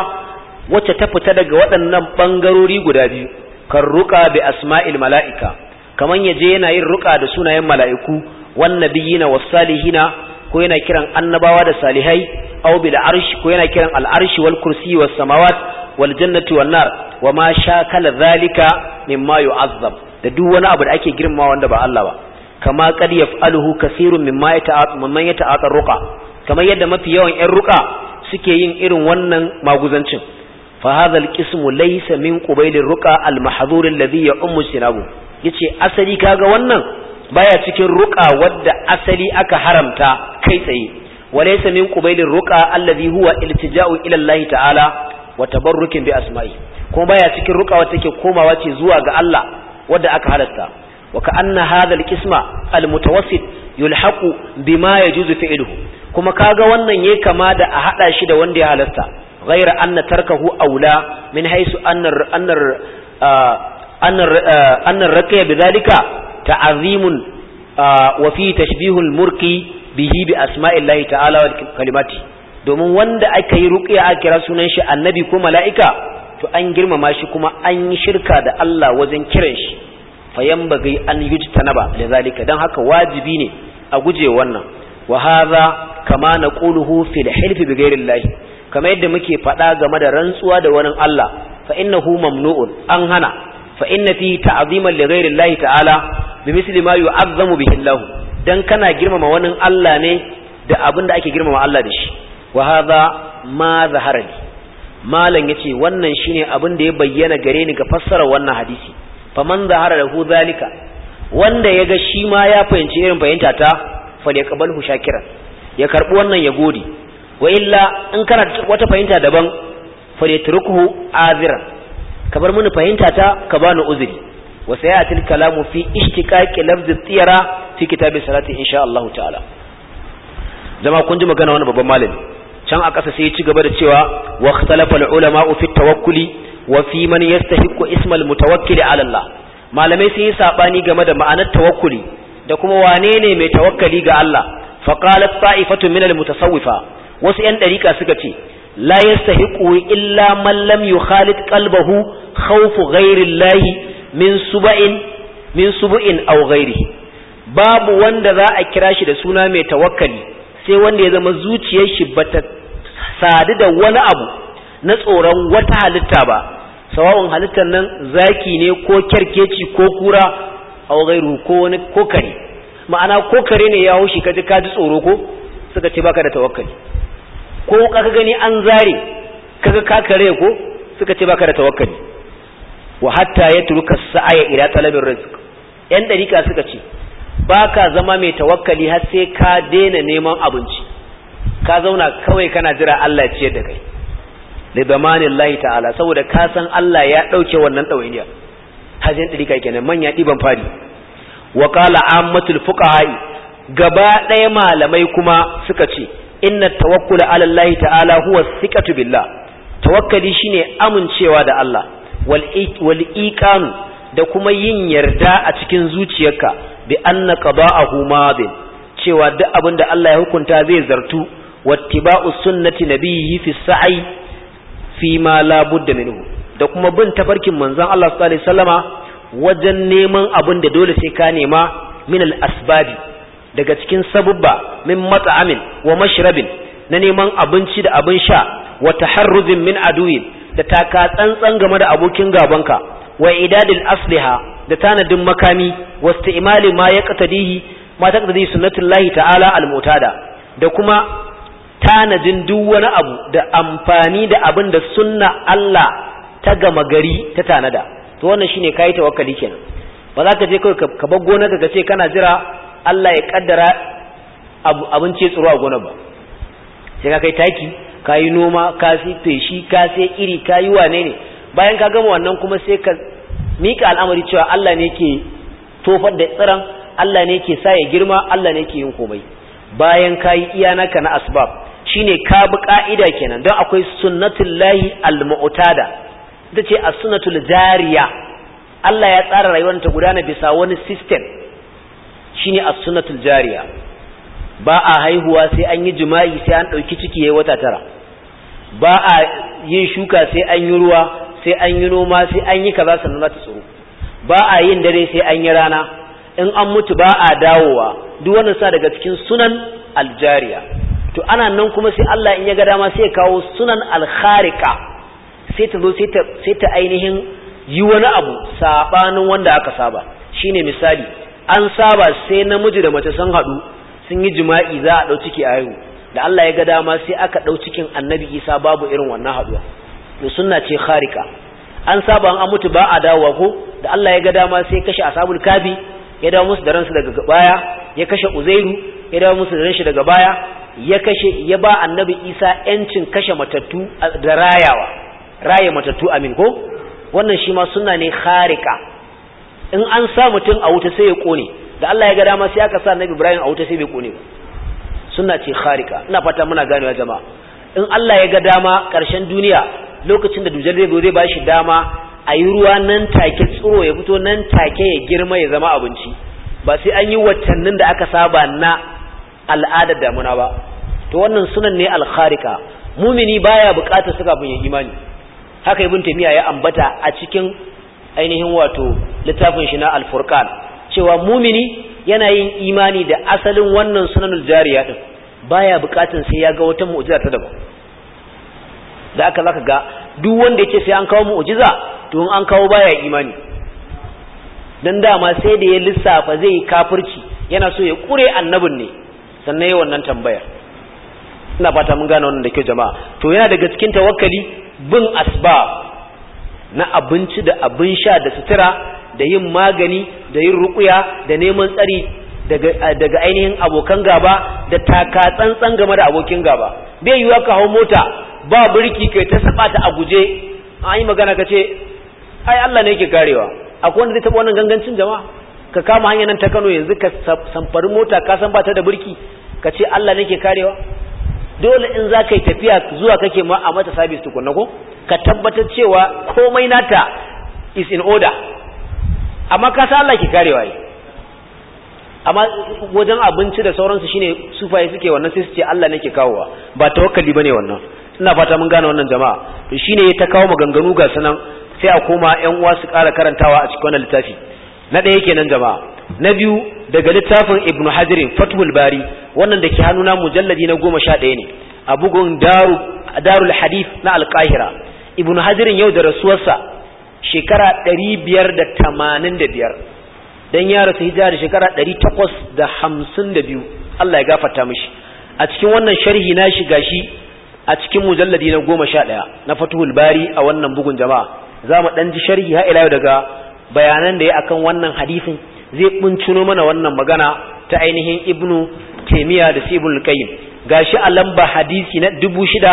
wacce ta fita daga waɗannan bangarori guda biyu kan ruqa bi asma'il mala'ika kamar ya je yana yin ruqa da sunayen mala'iku wan biyina was salihina ko yana kiran annabawa da salihai aw bil arshi ko yana kiran Al'arshi wal kursi was samawat wal jannati wan nar wa ma shakala zalika mimma yu'azzab da duk wani abu da ake girmama wanda ba Allah ba kama qad yaf'aluhu kathirun mimma yata'at mimman yata'at kamar yadda mafi yawan ƴan ruqa suke yin irin wannan maguzancin fa hadha alqismu laysa min qubayl ruqa almahdhur alladhi ya'ummu sinabu yace asali kaga wannan baya cikin ruqa wadda asali aka haramta kai tsaye walaysa min qubayl ruqa alladhi huwa iltija'u ila Allah ta'ala wa tabarrukin bi asma'i kuma baya cikin ruqa wacce take komawa ce zuwa ga Allah wadda aka halarta. Waka وكأن هذا yulhaƙu المتوسط يلحق بما يجوز فعله kuma kaga wannan yayi kama da a haɗa shi da wanda ya halasta ghayra anna tarkahu aula min haisu annar anna anna anna raqiya bidhalika ta'zimun wa fi tashbihul murki bihi bi asma'illahi ta'ala wa kalimati domin wanda aka yi ruqya a kira sunan shi annabi ko mala'ika to an girmama shi kuma an shirka da Allah wajen kiran shi Fayan fayanbaghi an yujtanaba zalika dan haka wajibi ne a guje wannan wa hadha kama naquluhu fil hilf bighairi llahi kama yadda muke faɗa game da rantsuwa da wani Allah fa innahu mamnu'un an hana fa inna fi ta'ziman ghairi llahi ta'ala bi misli ma yu'azzamu bihi Allah dan kana girmama wani Allah ne da abin da ake girmama Allah da shi wa hadha ma zaharani malam yace wannan shine abin da ya bayyana gare ni ga fassara wannan hadisi faman zahara da zalika wanda ya ga shi ma ya fahimci irin fahimta ta falyaqbalhu shakiran ya karbi wannan ya gode wa illa in kana wata fahimta daban falyatrukuhu aziran kabar mun fahimta ta ka bani uzuri wa sayatil kalamu fi ishtiqaqi lafzi tiyara fi kitabi salati insha Allah ta'ala zama kun ji magana wani babban malami can a kasa sai ya ci gaba da cewa wa ikhtalafa al-ulama fi tawakkuli wa fi man yastahiqqu ismal mutawakkil ala Allah malamai sun yi sabani game da ma'anar tawakkuli da kuma wane ne mai tawakkali ga Allah fa qalat ta'ifatu min al mutasawwifa wasu yan dariƙa suka ce la yastahiqu illa man lam yukhalid qalbahu khawfu ghayri Allah min suba'in min subu'in aw ghayrihi babu wanda za a kira shi da suna mai tawakkali sai wanda ya zama zuciyar shi bata sadu da wani abu na tsoron wata halitta ba sawa'un halittar nan zaki ne ko kyarkeci ko kura a gairu ko wani kokare ma'ana ko ne ya haushi kaji kaji tsoro ko suka ce baka da tawakkali ko ka gani an zare kaga ka kare ko suka ce baka da tawakkali wa hatta turka sa'aya ila talabir rizq yan dariƙa suka ce baka zama mai tawakkali har sai ka daina neman abinci ka zauna kawai kana jira Allah ya ciyar da kai zamanin damanillahi ta'ala saboda ka san Allah ya dauke wannan dawainiya hajin dirika kenan manya ɗiban fadi wa qala ammatul fuqaha gaba ɗaya malamai kuma suka ce inna tawakkula ala Allah ta'ala huwa thiqatu billah tawakkali shine amincewa da Allah wal da kuma yin yarda a cikin zuciyarka bi anna qada'ahu madin cewa duk abin da Allah ya hukunta zai zartu wattiba'u sunnati nabiyhi fi sa'i fi ma la minhu da kuma bin tafarkin manzon Allah sallallahu alaihi wasallama wajen neman abin da dole sai ka nema min al asbabi daga cikin sabubba min mat'amin wa mashrabin na neman abinci da abin sha wa taharruzin min aduwin da taka tsantsan game da abokin gabanka wa idadil asliha da tanadin makami wa isti'mali ma yaqtadihi ma taqtadi sunnatullahi ta'ala al-mutada da kuma tanadin duk wani abu da amfani da abin da sunna Allah ta gama gari ta tanada to wannan shine kai tawakkali kenan ba za ka je kawai ka bar gona ka ce kana jira Allah ya kaddara abinci tsaro a gonar ba sai ka kai taki ka yi noma ka sai feshi ka sai iri ka yi wane ne bayan ka gama wannan kuma sai ka mika al'amari cewa Allah ne ke tofar da tsiran Allah ne ke sa ya girma Allah ne ke yin komai bayan ka yi iya naka na asbab shine ka bi ka'ida kenan don akwai lahi al-mu'tada ita ce as-sunnatul jariya Allah ya tsara rayuwar ta gudana bisa wani system shine as-sunnatul jariya ba a haihuwa sai an yi jima'i sai an dauki ciki yayi wata tara ba a yin shuka sai an yi ruwa sai an yi noma sai an yi kaza sannan za ta tsoro ba a yin dare sai an yi rana in an mutu ba a dawowa duk wannan sa daga cikin sunan aljariya to ana nan kuma sai Allah in ya ga dama sai ya kawo sunan alkharika sai ta zo sai ta sai ta ainihin yi wani abu sabanin wanda aka saba shine misali an saba sai namiji da mace sun hadu sun yi jima'i za a dau ciki a haihu da Allah ya ga dama sai aka dau cikin Annabi Isa babu irin wannan haduwa to sunna ce kharika an saba an mutu ba a dawowa ko da Allah ya ga dama sai kashe asabul kabi ya dawo musu da ransu daga baya ya kashe uzairu ya dawo musu da ransu daga baya ya kashe ya ba annabi isa yancin kashe matattu da rayawa raye matattu amin ko wannan shi ma suna ne kharika in an sa mutum a wuta sai ya kone da Allah ya ga dama sai aka sa annabi ibrahim a wuta sai bai kone ba suna ce kharika ina fata muna ganewa jama'a in Allah ya ga dama karshen duniya lokacin da dujal zai zai ba shi dama a yi ruwa nan take tsiro ya fito nan take ya girma ya zama abinci ba sai an yi watannin da aka saba na al'adar damuna ba to wannan sunan ne alkharika mumini baya bukatar suka kafin imani haka ibn taymiya ya ambata a cikin ainihin wato littafin shi na al cewa mumini yana yin imani da asalin wannan sunanul jariya din baya bukatun sai ya ga wata mu'jiza ta daban da aka zaka ga duk wanda yake sai an kawo mu'jiza to an kawo baya imani dan dama sai da ya lissafa zai kafirci yana so ya kure annabin ne sannan yi wannan tambayar ina fata mun gane wannan da kyau jama'a to yana daga cikin tawakkali bin asba na abinci da abin sha da sutura da yin magani da yin rukuya da neman tsari daga ainihin abokan gaba da taka tsantsan game da abokin gaba bai yiwuwa ka hau mota ba birki kai ta saba ta a guje an yi magana ka ce ai Allah ne yake karewa akwai wanda zai taba wannan gangancin jama'a ka kama hanyar nan ta Kano yanzu ka samfari mota ka san ba ta da burki ka ce Allah nake karewa dole in za ka yi tafiya zuwa kake ma a mata sabis tukunna ko ka tabbatar cewa komai nata is in order amma ka san Allah ke karewa yi amma wajen abinci da sauransu shine sufaye suke wannan sai su ce Allah nake kawowa ba tawakkali bane wannan ina fata mun gane wannan jama'a to shine ta kawo maganganu ga sanan sai a koma ƴan uwa su ƙara karantawa a cikin wannan littafi na ɗaya kenan jama'a na biyu daga littafin ibnu hajirin fathul bari wannan da ke hannuna mujalladi na goma sha ɗaya ne a bugun darul hadith na alƙahira ibnu hajirin yau da rasuwarsa shekara ɗari biyar da tamanin da biyar don ya rasu hijira da shekara ɗari takwas da hamsin da biyu allah ya gafarta mishi a cikin wannan sharhi na shiga shi a cikin mujalladi na goma sha ɗaya na fatuhul bari a wannan bugun jama'a za mu ɗan ji sharhi ha ila daga bayanan da ya akan wannan hadisin zai bincino mana wannan magana ta ainihin ibnu taimiyya da su ibnu gashi a lamba hadisi na dubu shida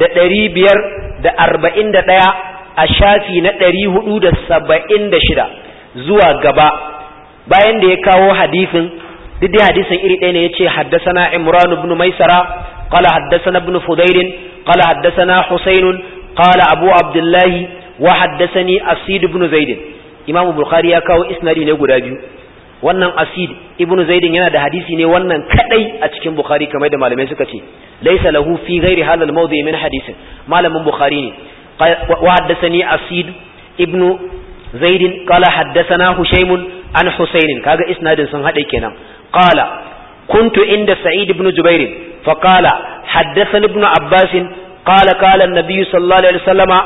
da ɗari biyar da arba'in da ɗaya a shafi na ɗari hudu da saba'in da shida zuwa gaba bayan da ya kawo hadisin duk hadisin iri ɗaya ne ya ce haddasana imran ibn maisara qala حدثنا ibn فضيل qala حدثنا husayn qala abu abdullahi wa وحدثني asid ibn zaid imam bukhari ya kawo isnadi ne guda biyu wannan asid ibn zaidin yana da hadisi ne wannan kadai a cikin bukhari kamar da malamai suka ce laysa lahu fi ghairi halal mawdi min hadisin malamin bukhari ne wa haddathani asid ibn zaidin qala haddathana hushaymun an husainin kaga isnadin sun hade kenan qala kuntu inda sa'id ibn jubair fa qala haddathani ibn abbas qala qala an-nabiy sallallahu alaihi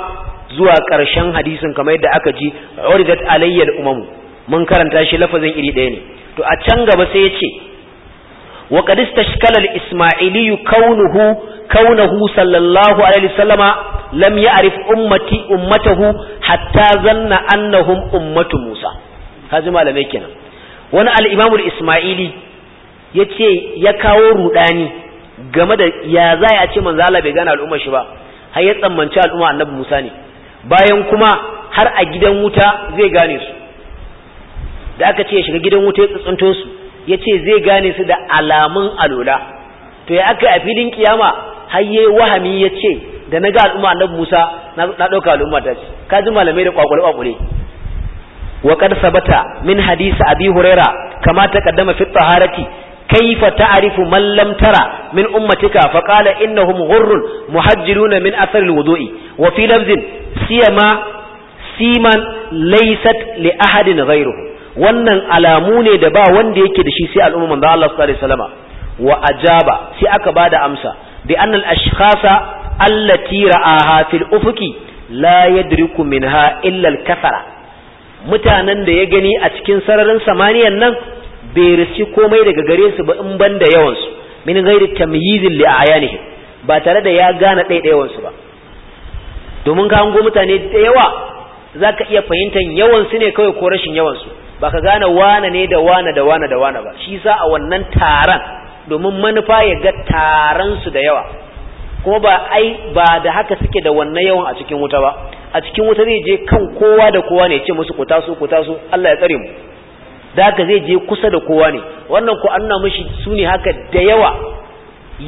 zuwa ƙarshen hadisin kamar yadda aka ji uridat alayyal umam mun karanta shi lafazin iri ɗaya ne to a can gaba sai ya ce wa qad istashkala al-isma'ili kaunuhu kaunahu sallallahu alaihi wasallama lam ya'rif ummati ummatahu hatta zanna annahum ummatu Musa haji malamai kenan wani al-imam al-isma'ili yace ya kawo rudani game da ya za a ce manzo Allah bai gane al'umma shi ba har ya tsammanci al'umma annabi Musa ne bayan kuma har a gidan wuta zai gane su da aka ce ya shiga gidan wuta ya tsantsanto su ya ce zai gane su da alamun alola to ya aka a filin kiyama har yayi wahami ya ce da na ga al'umma annabi Musa na ɗauka al'umma ta ce ka ji malamai da kwakwale kwakwale wa qad sabata min hadisi abi huraira kama taqaddama fi taharati kaifa ta'rifu man lam tara min ummatika fa qala innahum ghurrun muhajjiruna min athar alwudu'i wa fi lafzin siman laysat li ahadin ghayruhu wannan alamu ne da ba wanda yake da shi sai al'umma manzo Allah sallallahu alaihi wa ajaba sai aka da amsa bi annal ashkhasa allati ufuki mutanen da ya gani a cikin sararin samaniyan nan bai riski komai daga gare su ba in ban da yawansu min gairi tamyizin li ayanihim ba tare da ya gane ɗaiɗayawansu ba domin ka hango mutane da yawa za ka iya fahimtar yawansu ne kawai ko rashin yawansu ba ka gane wane ne da wane da wane da wane ba shi sa a wannan taron domin manufa ya ga su da yawa kuma ba ai ba da haka suke da wannan yawan a cikin wuta ba a cikin wuta zai je kan kowa da kowa ne ce musu ku taso ku taso Allah ya tsare mu da haka zai je kusa da kowa ne wannan ko anna mishi su ne haka da yawa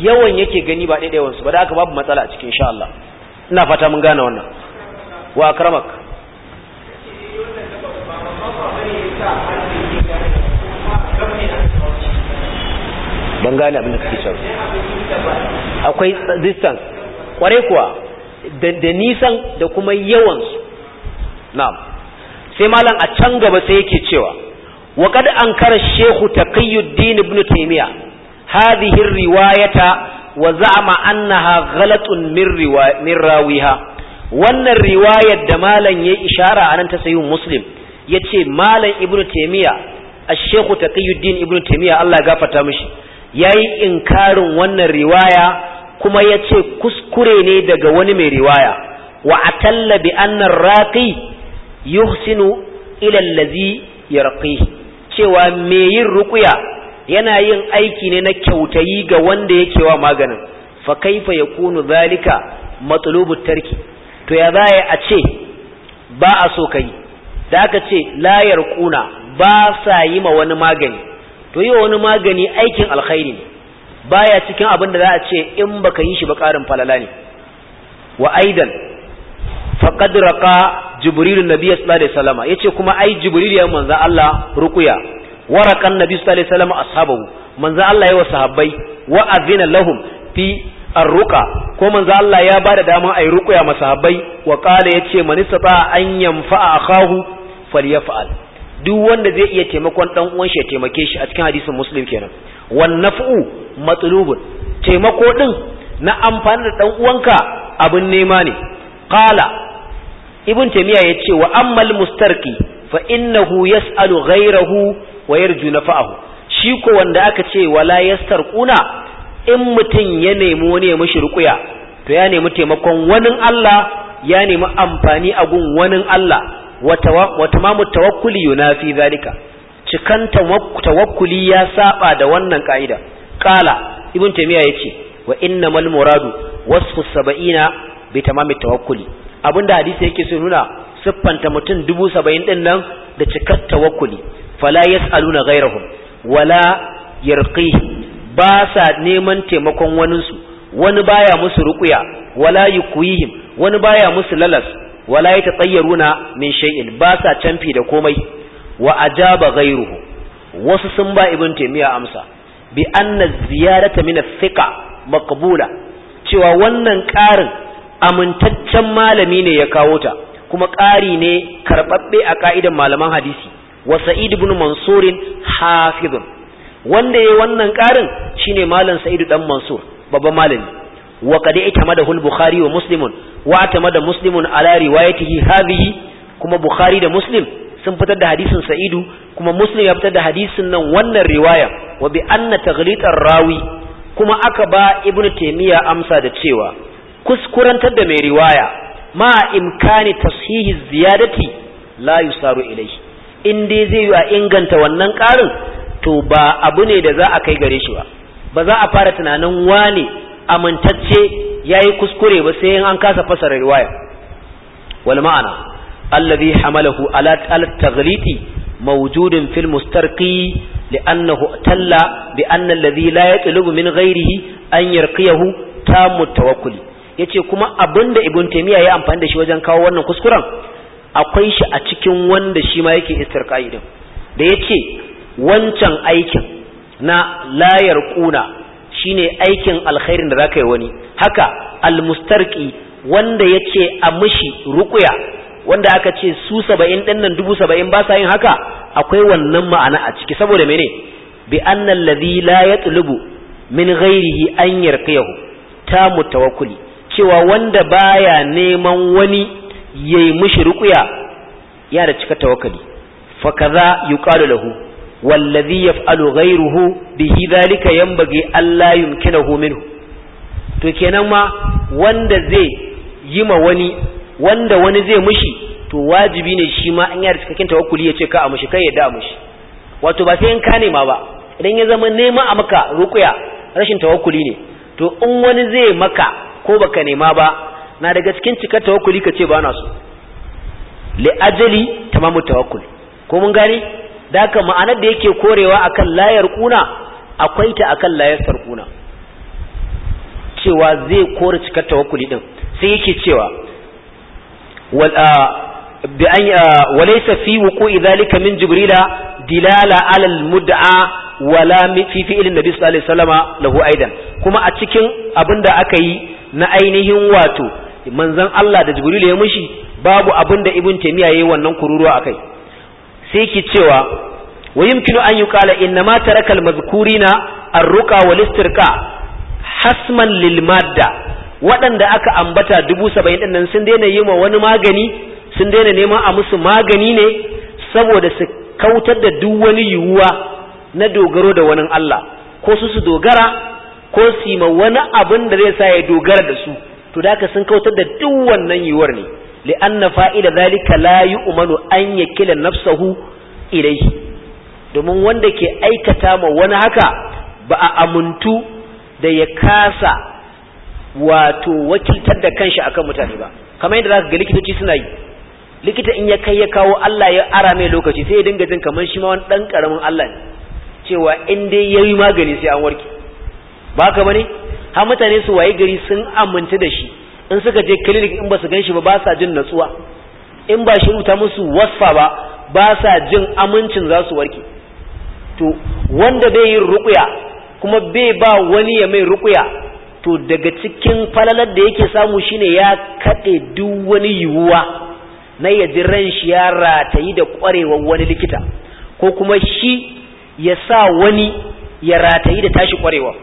yawan yake gani ba ɗaya yawansu ba da haka babu matsala a cikin sha Allah ina fata mun gane wannan wa akramak ban gane abin da kake cewa akwai distance kwarai kuwa da nisan da kuma yawansu na'am sai malam a can gaba sai yake cewa وقد أنكر الشيخ تقي الدين ابن تيمية هذه الرواية وزعم أنها غلط من, روا... من راويها وأن الرواية دمالا يشارة أن أنت سيوم مسلم يتي مالا ابن تيمية الشيخ تقي الدين ابن تيمية الله غافة تمشي yayi inkarin wannan riwaya kuma yace kuskure ne daga wani mai riwaya wa atalla bi anna raqi yuhsinu ila allazi yarqi cewa me yin ruqya yana yin aiki ne na kyautayi ga wanda yake wa maganin fa kaifa yakunu zalika matlubu tarki to ya zai a ce ba a so kai da aka ce la yarquna ba sa yi ma wani magani to yi wani magani aikin alkhairi ne baya cikin abin da za a ce in baka yi shi ba ƙarin falala ne wa aidan faqad raqa jibril nabi sallallahu alaihi wasallam yace kuma ai jibril ya manzo Allah ruqya waraqan nabi sallallahu alaihi wasallam ashabu manzo Allah ya wa sahabbai wa azina lahum fi arruqa ko manzo Allah ya bada dama ai ruqya masahabbai wa qala yace man istata an yanfa akahu falyaf'al duk wanda zai iya taimakon dan uwan shi ya taimake shi a cikin hadisin muslim kenan wan naf'u matlubun taimako din na amfani da dan uwanka abin nema ne qala ibn taymiya yace wa ammal mustarqi fa innahu yas'alu ghayrahu wa yarju nafa'ahu shi ko wanda aka ce wala yastarquna in mutun ya nemi wani ya mishi ruqya to ya nemi taimakon wani Allah ya nemi amfani a gun wani Allah wa tamamu tawakkuli yunafi zalika cikan tawakkuli ya saba da wannan ka'ida qala ibn taymiya yace wa innamal muradu wasfu sab'ina bi tamami tawakkuli da hadisi yake so nuna siffanta mutum dubu saba'in din nan da cikar tawakkuli fala yas'aluna ghairahum wala yarqihi ba sa neman taimakon waninsu wani baya musu ruqya wala yuqihim wani baya musu lalas wala yatayyaruna min shay'in ba sa canfi da komai wa ajaba ghairuhu wasu sun ba ibn taymiya amsa bi anna ziyarata min thiqa maqbula cewa wannan ƙarin amintaccen malami ne ya kawo ta kuma ƙari ne karɓaɓɓe a ƙa'idan malaman hadisi wa sa'id ibn mansurin hafizun wanda yayi wannan ƙarin shine malam sa'id dan mansur babban malami wa qad itamadahu al-bukhari wa muslimun wa atamada muslimun ala riwayatihi hadhihi kuma bukhari da muslim sun fitar da hadisin sa'idu kuma muslim ya fitar da hadisin nan wannan riwaya wa bi anna taghlitar rawi kuma aka ba ibnu taymiya amsa da cewa kuskurantar da mai riwaya ma imkani tashihi ziyadati la yusaru ilayhi in dai zai yi a inganta wannan karin to ba abu ne da za a kai gare shi ba ba za a fara tunanin wane amintacce yayi kuskure ba sai an kasa fasara riwaya wal ma'ana alladhi hamalahu ala al-taghliti mawjudun fil mustarqi لأنه اعتل بأن الذي لا يطلب من غيره أن يرقيه تام التوكل yace kuma da ibn taimiyya ya amfani da shi wajen kawo wannan kuskuren akwai shi a cikin wanda shi ma yake istar ka'idin da ya ce wancan aikin na layar kuna shine aikin alkhairin da za ka yi wani haka almustarki wanda ya ce a mishi rukuya wanda aka ce su saba'in din nan dubu saba'in ba sa yin haka akwai wannan ma'ana a ciki saboda mene bi annan alladhi la yatlubu min ghairihi an yarqiyahu tamu tawakkuli cewa wanda baya neman wani yayi mushi ruqya ya da cika tawakkali fa kaza yuqalu lahu wallazi yaf'alu ghayruhu bihi dhalika yanbaghi alla yumkinahu minhu to kenan ma wanda zai yi ma wani wanda wani zai mishi to wajibi ne shi ma an yada cikakken tawakkuli ya ce ka a mushi, kai ya da mushi. wato ba sai in ka nema ba idan ya zama nema a maka ruqya rashin tawakkuli ne to in wani zai maka ko baka nema ba na daga cikin cikar tawakkuli kace ce ba na so li ajali tamamu tawakkul ko mun gane da haka ma'anar da yake korewa akan layar kuna akwai ta akan layar sarkuna cewa zai kore cikar tawakkuli din sai yake cewa wal bi an laysa fi wuqu'i dhalika min jibrila dilala ala al mud'a wala fi fi'il nabi sallallahu alaihi wasallam lahu aidan kuma a cikin abinda aka yi na ainihin wato manzon Allah da Jibril ya mushi babu abin da Ibn Taymiyyah yayi wannan kururuwa akai sai ki cewa wa yumkinu an yuqala inna ma taraka al-mazkurina ar wal hasman lil madda waɗanda aka ambata dubu saba'in ɗin nan sun daina yi wa wani magani sun daina nema a musu magani ne saboda su kautar da duk wani yiwuwa na dogaro da wani Allah ko su su dogara ko sima wani abin da zai sa ya dogara da su to da sun kautar da duk wannan yiwuwar ne li'anna fa'ida zalika la yu'manu an yakila nafsahu ilayhi domin wanda ke aikata ma wani haka ba a amuntu da ya kasa wato wakiltar da kanshi akan mutane ba kamar yadda zaka ga likitoci suna yi likita in ya kai ya kawo Allah ya ara mai lokaci sai ya dinga jin kamar shi ma wani dan karamin Allah ne cewa in dai yayi magani sai an warke ba ka bane har mutane su waye gari sun amince da shi in suka je clinic in ba su gan ba ba sa jin natsuwa in ba shi rubuta musu wasfa ba ba sa jin amincin za su warke to wanda bai yin ruqya kuma bai ba wani ya mai ruqya to daga cikin falalar da yake samu shine ya kaɗe duk wani yiwuwa na ya ji ran shi ya ratayi da kwarewar wani likita ko kuma shi ya sa wani ya ratayi da tashi kwarewa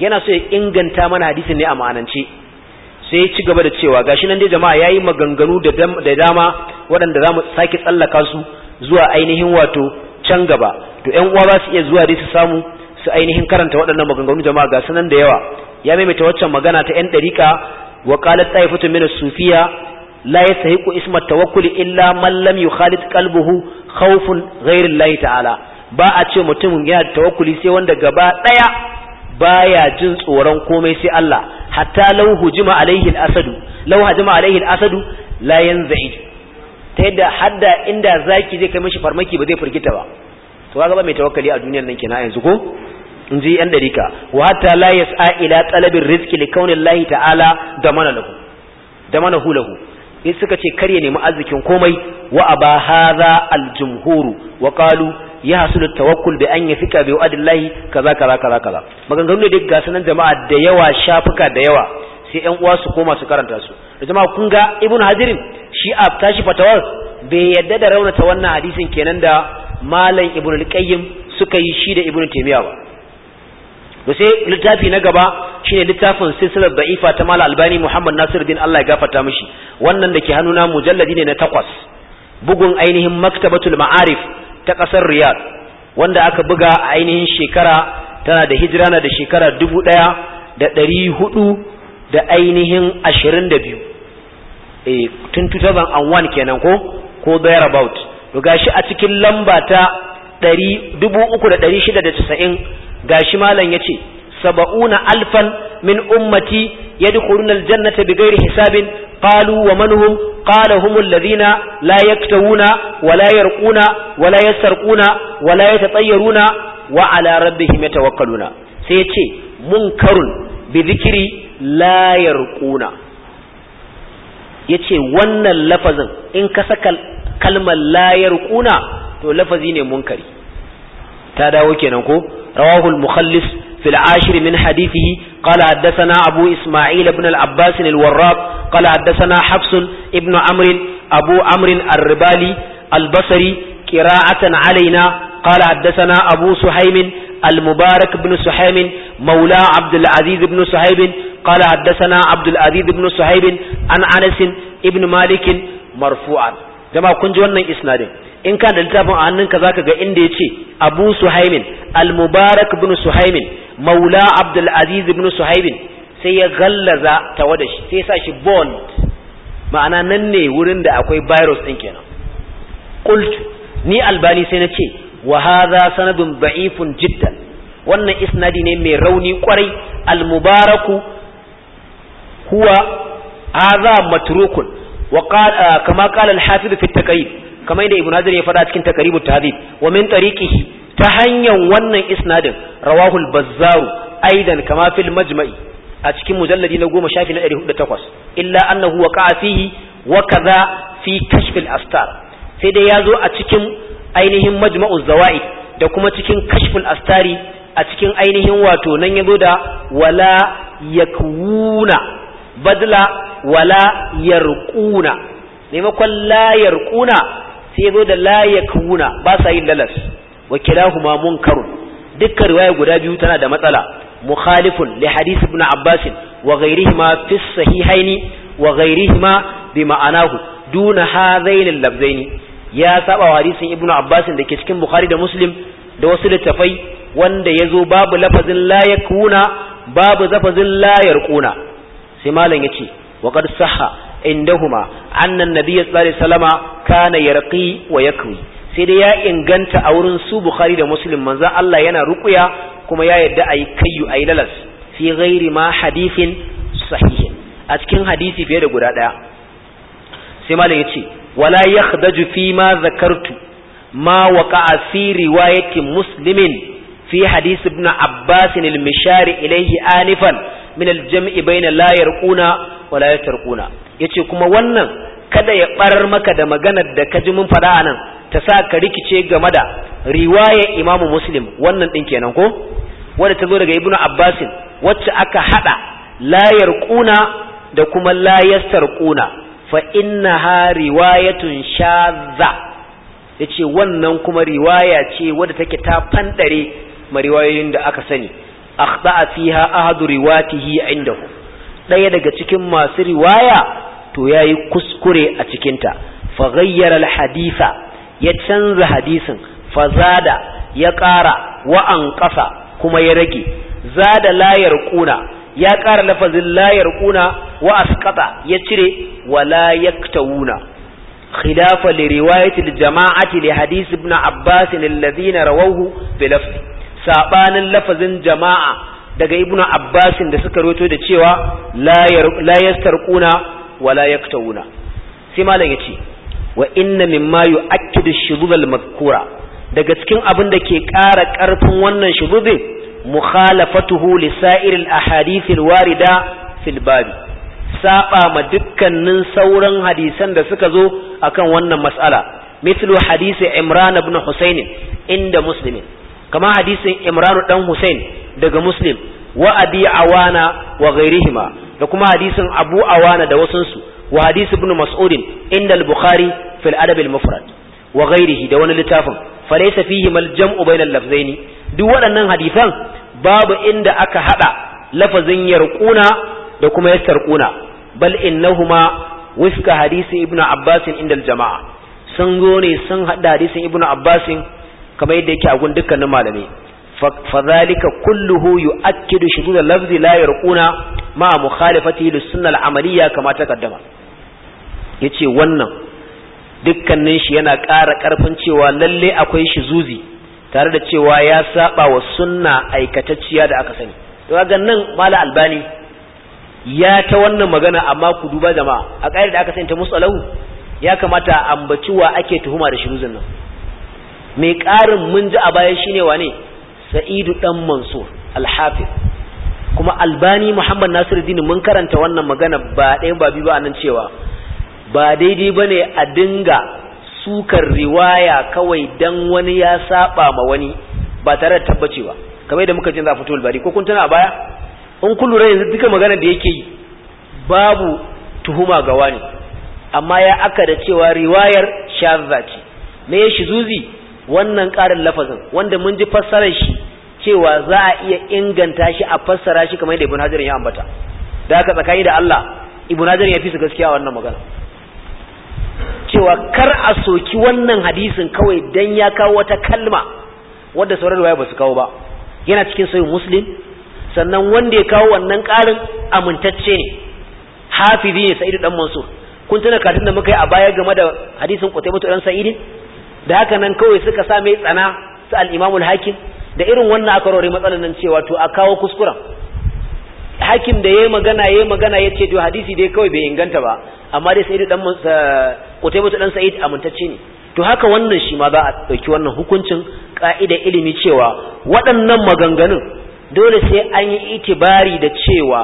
yana so ya inganta mana hadisin ne a ma'anance sai ya ci gaba da cewa gashi nan dai jama'a yayi maganganu da dama waɗanda za mu sake tsallaka su zuwa ainihin wato can gaba to ƴan uwa za su iya zuwa dai su samu su ainihin karanta waɗannan maganganu jama'a ga sanan da yawa ya maimaita waccan magana ta ƴan ɗariƙa wa qalat taifatu min sufiya la yasahiqu isma tawakkul illa man lam yukhalid qalbuhu khawfun ghayri Allah ta'ala ba a ce mutum yana tawakkuli sai wanda gaba daya baya jin tsoron komai sai Allah hatta law hujima alaihi al-asadu law hajima alaihi al-asadu la yanza'i ta yadda hadda inda zaki zai kai mishi farmaki ba zai firgita ba to kaga ba mai tawakkali a duniyar nan kenan yanzu ko in ji yan dariƙa wa hatta la yas'a ila talabin rizqi li kauni Allah ta'ala da mana lahu da mana hu lahu in suka ce kar ya nemi arzikin komai wa aba hadha al-jumhuru wa qalu ya hasulu tawakkul bi an yafika bi wa'dillahi kaza kaza kaza kaza maganganu ne duk ga nan jama'a da yawa shafuka da yawa sai yan uwa su koma su karanta su da jama'a kun ga ibn hadirin shi a tashi fatawar bai yadda da raunata wannan hadisin kenan da malam ibn al-qayyim suka yi shi da ibn taymiya ba da sai littafi na gaba shine littafin silsilar da'ifa ta malam albani muhammad nasiruddin Allah ya gafarta mishi wannan da ke hannuna mujalladi ne na takwas bugun ainihin maktabatul ma'arif ta ƙasar riyadh wanda aka buga a ainihin shekara tana da hijira na da shekara dubu ɗaya da ɗari hudu da ainihin ashirin da biyu e, tun 2001 kenan ko ko there about gashi a cikin lamba ta dubu uku da ɗari shida da casa'in gashi malam ya ce saba'una alfan min ummati ya dukkanin aljannata bi hisabin قالوا ومن هم قال هم الذين لا يكتوون ولا يرقون ولا يسرقون ولا يتطيرون وعلى ربهم يتوكلون سيتي منكر بذكر لا يرقون yace wannan lafazin in ka saka kalmar la yarquna to lafazi ne munkari ta dawo kenan ko رواه المخلص في العاشر من حديثه قال حدثنا أبو إسماعيل بن العباس الوراق قال حدثنا حفص ابن عمرو أبو عمرو الربالي البصري قراءة علينا قال حدثنا أبو سحيم المبارك بن سحيم مولى عبد العزيز بن سحيم قال حدثنا عبد العزيز بن سحيم عن أنس ابن مالك مرفوعا كنت كنجوانا إسنادين in ka da littafin a hannunka zaka ga inda ce Abu Suhaimin Al-Mubarak ibn Suhaimin Maula Abdul Aziz ibn Suhaimin sai ya gallaza tawada shi sai ya sa shi bond ma'ana nan ne wurin da akwai virus din kenan qultu ni albani sai na ce wa hadha sanadun da'ifun jiddan wannan isnadi ne mai rauni kwarai al-mubaraku huwa hadha matrukun wa kama qala al-hafiz fi at kamar da ibnu hajar ya faɗa cikin taqribut tahdhib wa min tariqihi ta hanyar wannan isnadin rawahu al aidan kama fil majma'i a cikin mujalladi na 10 shafi na 408 illa annahu waqa'a fihi wa kaza fi kashf al-astar sai dai yazo a cikin ainihin majma'uz zawaid da kuma cikin kashf al-astari a cikin ainihin wato nan yazo da wala yakuna badla wala yarquna maimakon la yarquna sai zo da laye yakuna ba sa yin lalas wa kilahuma munkarun dukkan riwaya guda biyu tana da matsala mukhalifun li hadith ibn abbas wa ma fi sahihaini wa ma bi ma'anahu duna hadhain al ya saba wa hadisin ibn abbas da ke cikin bukhari da muslim da wasu littafai wanda ya zo babu lafazin la yakuna babu zafazin la yarquna sai malam yace wa qad sahha indahuma annan nabiyyi sallallahu alaihi wasallama kana yarqi wa yakwi sai dai ya inganta a wurin su bukhari da muslim manzon Allah yana ruqya kuma ya yadda ayi kayyu ayi lalas fi ghairi ma hadithin sahih a cikin hadisi fiye da guda daya sai malam yace wala yakhdaju fi ma zakartu ma waqa'a fi riwayati muslimin fi hadisi ibn abbas al-mishari ilayhi anifan min aljam'i baina la yarquna wa la yatarquna yace kuma wannan kada ya barar maka da maganar da ka ji mun faɗa anan ta sa ka rikice game da riwaya Imam Muslim wannan din kenan ko wanda ta zo daga Ibnu Abbas wacce aka hada la yarquna da kuma la yastarquna fa ha riwayatun shadza ya wannan kuma riwaya ce wadda take ta fandare ma riwayoyin da aka sani akhta'a fiha ahadu riwatihi indahu daya daga cikin masu riwaya to yayi kuskure a cikin ta fa ghayyara al haditha ya canza hadisin fa zada ya ƙara wa an kuma ya rage zada layar kuna ya ƙara lafazin layar kuna wa asqata ya cire wala yaktawuna khilafa li riwayati al jama'ati li hadith ibn abbas alladhina rawahu bi lafzi sabanin lafazin jama'a daga ibnu abbasin da suka roto da cewa la yastarquna wa la yaktawuna sai malam yace wa inna mimma yu'akkidu shudud al-madhkura daga cikin abin da ke ƙara ƙarfin wannan shududin mukhalafatuhu li sa'ir al-ahadith al-warida fil babi saba ma dukkanin sauran hadisan da suka zo akan wannan mas'ala mithlu hadisi imran ibn husayn inda muslimin kama hadisin imranu dan husain daga muslim wa abi awana wa ghairihima da kuma hadisin abu awana da wasansu wa hadis ibn mas'udin inda bukhari fil adab wa ghairihi da wani littafin falaysa fihi mal jam'u lafzaini duk waɗannan hadisan babu inda aka hada lafazin yarquna da kuma yastarquna bal innahuma wifka hadisi ibn abbas inda jamaa sun ne sun hada hadisin ibn abbas kamar yadda yake a gun dukkanin malamai fadhalika kulluhu yu'akkidu shudud al-lafzi la yarquna ma mukhalafatihi lis-sunnah al-amaliyya kama taqaddama yace wannan dukkanin shi yana ƙara ƙarfin cewa lalle akwai shuzuzi tare da cewa ya saba wa sunna aikatacciya da aka sani to ga nan mala albani ya ta wannan magana amma ku duba jama'a a ƙa'ida da aka sani ta musalahu ya kamata ambaci wa ake tuhuma da shiruzan nan mai ƙarin mun ji a baya shine wane sa'idu dan mansur alhafiz kuma albani muhammad nasiruddin mun karanta wannan magana ba ɗaya ba biyu ba nan cewa ba daidai ba ne a dinga sukar riwaya kawai dan wani ya saba ma wani ba tare da tabbacewa ba kamar da muka jin za fito albari ko kun tana baya in kun lura yanzu duka magana da yake yi babu tuhuma ga wani amma ya aka da cewa riwayar shazza ce me ya zuzi. wannan ƙarin lafazin wanda mun ji fassarar shi cewa za a iya inganta shi a fassara shi kamar yadda ibn hajar ya ambata da haka tsakani da Allah ibn hajar ya fi su gaskiya wannan magana cewa kar a soki wannan hadisin kawai dan ya kawo wata kalma wadda sauran waye ba su kawo ba yana cikin sahih muslim sannan wanda ya kawo wannan ƙarin amintacce ne hafizi ne sa'idu dan mansur kun tuna katin da muka yi a baya game da hadisin qutaybah dan sa'id da haka nan kawai suka sa mai tsana su al-imamul hakim da irin wannan aka rore matsalan nan cewa to a kawo kuskuren hakim da yayi magana yayi magana ce, to hadisi dai kawai bai inganta ba amma dai sai dan mutu eh, dan Sa'id amintacce ne to haka wannan shi ma za a dauki wannan hukuncin ƙa'idar ilimi cewa waɗannan maganganun dole sai an yi itibari da cewa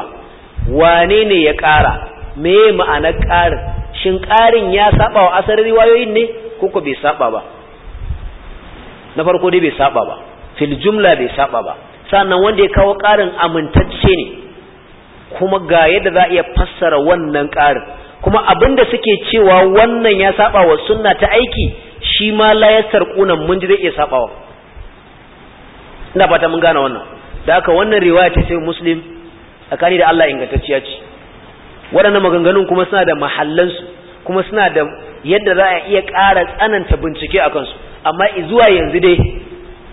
wane ne ya ƙara me ma'anar ƙarin shin ƙarin ya saba wa asalin riwayoyin ne ko ko bai saba ba na farko dai bai saba ba fil jumla bai saba ba sannan wanda ya kawo ƙarin amintacce ne kuma ga yadda za a iya fassara wannan ƙarin kuma abinda suke cewa wannan ya saba wa sunna ta aiki shi ma la ya mun ji zai iya wa ina fata mun gane wannan da aka wannan riwaya ta sai muslim tsakani da Allah ingantacciya ce waɗannan maganganun kuma suna da mahallansu kuma suna da yadda za a iya ƙara tsananta bincike a kansu amma zuwa yanzu dai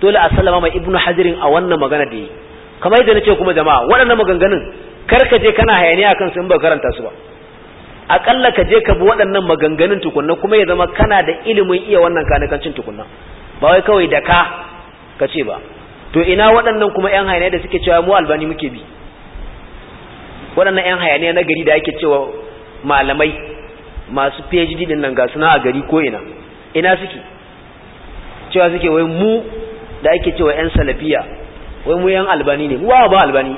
dole a sallama mai ibnu hajirin a wannan magana da yi kamar yadda nace kuma jama'a waɗannan maganganun kar ka je kana hayaniya a su in ba karanta su ba aƙalla ka je ka bi waɗannan maganganun tukunna kuma ya zama kana da ilimin iya wannan kanikancin tukunna ba wai kawai da ka ka ce ba to ina waɗannan kuma 'yan hayaniya da suke cewa mu albani muke bi waɗannan 'yan hayaniya na gari da ake cewa malamai masu phd din nan ga suna a gari ko ina ina suke cewa suke wai mu da ake cewa 'yan salafiya wai mu 'yan albani ne mu ba albani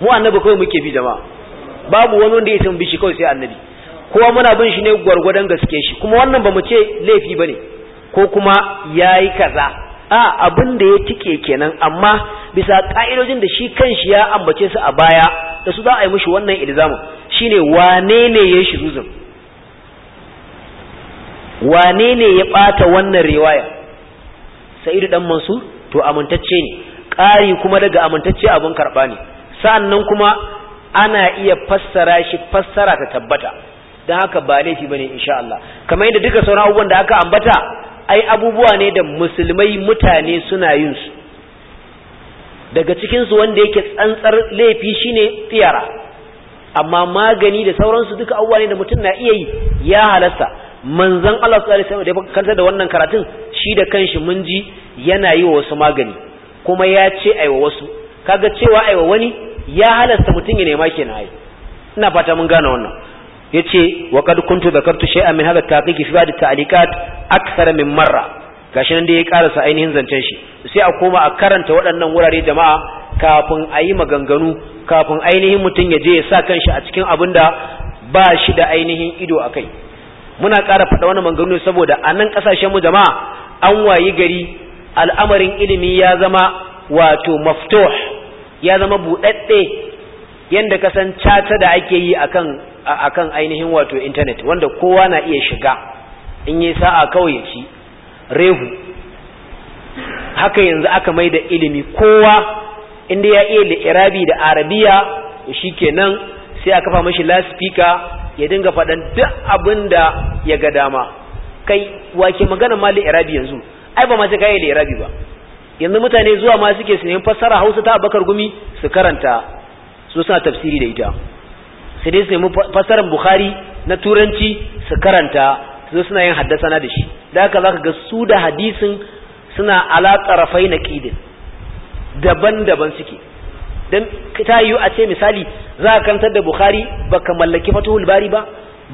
mu annabi kawai muke bi jama'a babu wani wanda ya san bishi kawai sai annabi kowa muna bin shi ne gwargwadon gaske shi kuma wannan ba mu ce laifi ba ne ko kuma ya yi kaza a abin da ya tike kenan amma bisa ka'idojin da shi kanshi ya ambace su a baya da su za a yi mishi wannan ilzamin shine wane ne ya shi zuzun wane ne ya bata wannan riwaya sa'idu dan mansur to amintacce ne ƙari kuma daga amintacce abin karɓa ne sa'annan kuma ana iya fassara shi fassara ta tabbata don haka ba laifi bane insha Allah kamar yadda duka sauran abubuwan da aka ambata ai abubuwa ne da musulmai mutane suna yin su daga cikinsu wanda yake tsantsar laifi shine tiyara amma magani da sauransu duka abubuwa ne da mutum na iya yi ya halasta manzon Allah sallallahu alaihi wasallam da kanta da wannan karatun shi da kanshi mun ji yana yi wa wasu magani kuma ya ce aiwa wasu kaga cewa aiwa wani ya halasta mutum ya nema kenan ai ina fata mun gane wannan yace wa qad kuntu dhakartu shay'an min hadha at-taqiq fi ba'd at-ta'liqat akthara min marra gashi nan da ya karasa ainihin zancen shi sai a koma a karanta waɗannan wurare jama'a kafin a yi maganganu kafin ainihin mutum ya je ya sa kanshi a cikin abin da ba shi da ainihin ido a kai muna ƙara faɗa wani maganganu saboda a nan mu jama'a an wayi gari al'amarin ilimi ya zama wato maftoh ya zama buɗaɗɗe yadda kasan caca da ake yi akan akan ainihin wato intanet wanda kowa na iya shiga in yi sa'a kawai ya ci rehu haka yanzu aka mai da ilimi kowa inda ya iya li'irabi da arabiya kenan sai aka fa mashi laspika ya dinga faɗan duk abin ya ga dama kai wake magana ma li'irabi yanzu ai ba ma sai kai li'irabi ba yanzu mutane zuwa ma suke su nemi fassara Hausa ta Abubakar Gumi su karanta su suna tafsiri da ita sai dai su nemi fassarar Bukhari na turanci su karanta su suna yin haddasana da shi da haka zaka ga su da hadisin suna ala tsarafai na kidin daban-daban suke dan ta yi a ce misali za ka kantar da bukhari baka mallaki fatuhul bari ba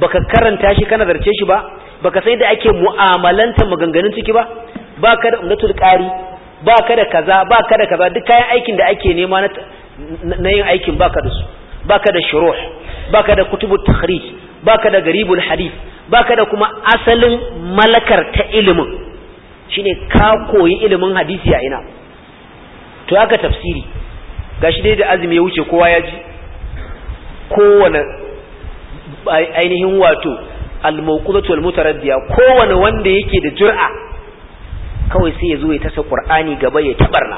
baka karanta shi kana zarce shi ba baka sai da ake mu'amalanta maganganun ciki ba baka da umdatul qari baka da kaza baka da kaza duk kayan aikin da ake nema na yin aikin baka da su baka da shuruh baka da kutubu takhrij baka da garibul hadith baka da kuma asalin malakar ta ilimin shine ka koyi ilimin hadisi a ina to haka tafsiri gashi dai da azumi ya wuce kowa ya ji kowane ainihin wato al-mawqudatu al mutaraddiya kowane wanda yake da jur'a kawai sai ya zo ya tasa qur'ani gaba ya tabarna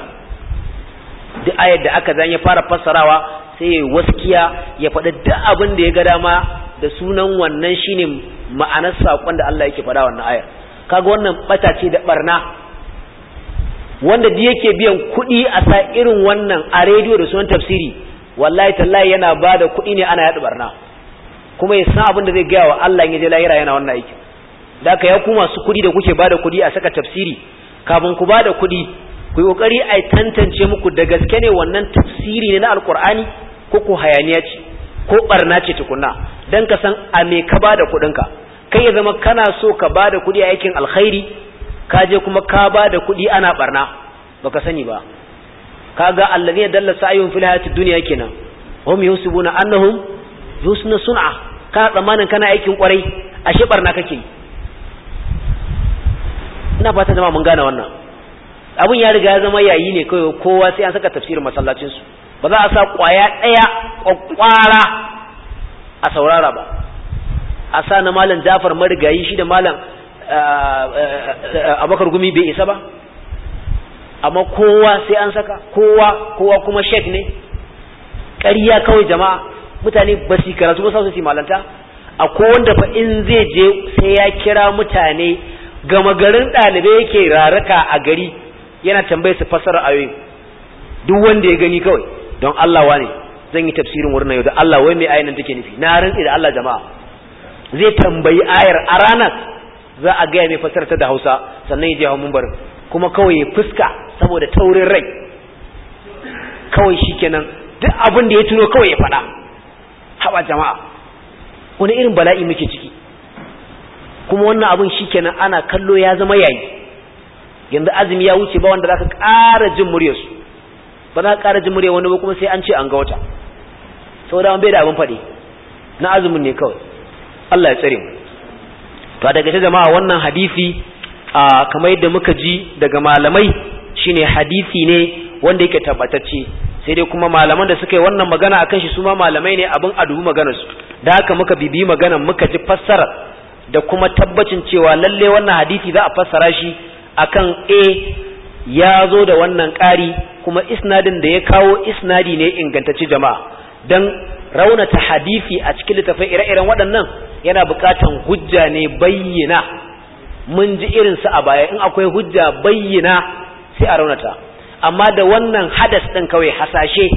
duk ayar da aka zan ya fara fassarawa sai ya waskiya ya faɗi duk abin da ya ga dama da sunan wannan shine ma'anar saƙon da Allah yake faɗa wannan ayar kaga wannan bata ce da barna wanda da yake biyan kuɗi a sa irin wannan a rediyo da sunan tafsiri wallahi tallahi yana ba da kuɗi ne ana yaɗa barna kuma ya san abin da zai gaya wa Allah in ya je lahira yana wannan aikin da ka ya ku masu kuɗi da kuke ba da kuɗi a saka tafsiri kafin ku ba da kuɗi ku yi ƙoƙari a tantance muku da gaske ne wannan tafsiri ne na alkur'ani ko ko hayaniya ce ko barna ce tukunna dan ka san a me ka bada kuɗin ka kai ya zama kana so ka bada kuɗi a aikin alkhairi ka je kuma ka bada kuɗi ana barna baka sani ba kaga allazina dalla sa'yun fil hayatid dunya kenan hum yusibuna annahum yusna sun'a kana tsammanin kana aikin kwarai ashe barna kake ina fata jama'a mun gane wannan abun ya riga ya zama yayi ne kawai kowa sai an saka tafsirin masallacin su ba za a sa kwaya ɗaya ƙwaƙwara a saurara ba a sa na malam jafar marigayi shi da malam eh, eh, eh, abakar gumi bai isa ba amma kowa sai an saka kowa kowa kuma shek ne ƙarya kawai jama'a mutane ba su karatu ba su su malanta a wanda fa in zai je sai ya kira mutane gama garin ɗalibai yake raraka a gari yana tambaye su fasara ayoyi duk wanda ya gani kawai don Allah ne zan yi tafsirin wurin yau da Allah wai mai ayin nan take nufi na rantsi da Allah jama'a zai tambayi ayar a ranar za a gaya mai ta da Hausa sannan ya je hawa mumbar kuma kawai ya fuska saboda taurin rai kawai shikenan duk abin da ya tuno kawai ya faɗa haba jama'a wani irin bala'i muke ciki kuma wannan abin shikenan ana kallo ya zama yayi yanzu azumi ya wuce ba wanda za ka ƙara jin muryarsu ba za a ƙara jin murya wani ba kuma sai an ce an ga wata Sau da wani bai da abin faɗi na azumin ne kawai Allah ya tsare mu to a daga jama'a wannan hadisi a kamar yadda muka ji daga malamai shine hadisi ne wanda yake tabbatacce sai dai kuma malaman da suka yi wannan magana akan shi su ma malamai ne abin a dubi maganar su da haka muka bibi magana muka ji fassara da kuma tabbacin cewa lalle wannan hadisi za a fassara shi akan a ya zo da wannan ƙari kuma isnadin da ya kawo isnadi ne ingantacci jama'a don raunata hadisi a cikin littafin ire-iren waɗannan yana buƙatan hujja ne bayyana mun ji su a baya in akwai hujja bayyana sai a raunata amma da wannan hadas ɗin kawai hasashe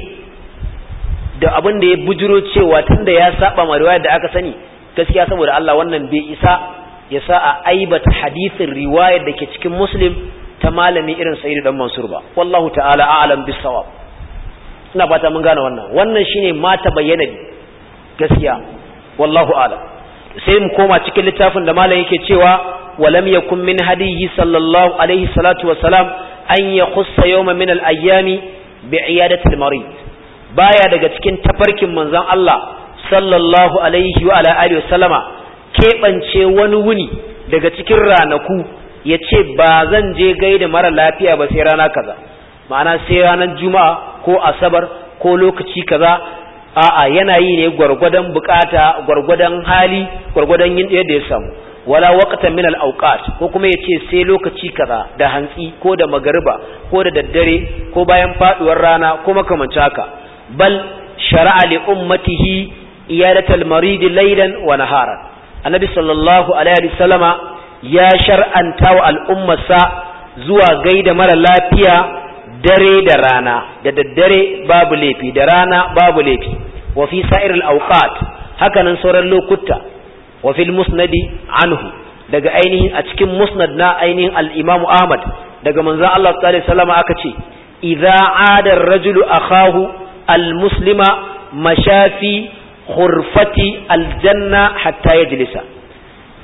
da abin da ya bujiro cewa tun da ya saba ma riwayar da aka sani gaskiya saboda Allah wannan bai isa ya sa a aibata hadisin riwaya da ke cikin muslim ta malami irin sa'idu dan mansur ba wallahu ta'ala a'lam bisawab ina fata mun gane wannan wannan shine ma ta bayyana gaskiya wallahu a'lam sai mu koma cikin littafin da malam yake cewa ولم يكن من sallallahu alaihi salatu عليه الصلاة والسلام أن يخص يوم من الأيام بعيادة المريض Baya daga cikin tafarkin manzon Allah sallallahu alaihi wa alihi wasallama kebance wani wuni daga cikin ranaku ya ce ba zan je gaida mara lafiya ba sai rana kaza ma'ana sai ranar juma'a ko asabar ko lokaci kaza a'a yana yi ne gwargwadon bukata gwargwadon hali gwargwadon yin ɗaya da ya samu wala waqtan min al-awqat ko kuma yace sai lokaci kaza da hantsi ko da magariba ko da daddare ko bayan faduwar rana ko makamanci haka bal shar'a li ummatihi iyadatal marid laylan wa nahara annabi sallallahu alaihi wasallama ya shar'anta wa al'ummarsa zuwa gaida mara lafiya dare da rana da daddare babu laifi da rana babu laifi wa fi sa'iril hakanan sauran lokuta wa fil musnadi anhu daga ainihin a cikin musnad na ainihin al Ahmad daga manzan Allah sallallahu alaihi aka ce idza adar rajulu akhahu al-muslima mashafi hurfati aljanna hatta yajlisa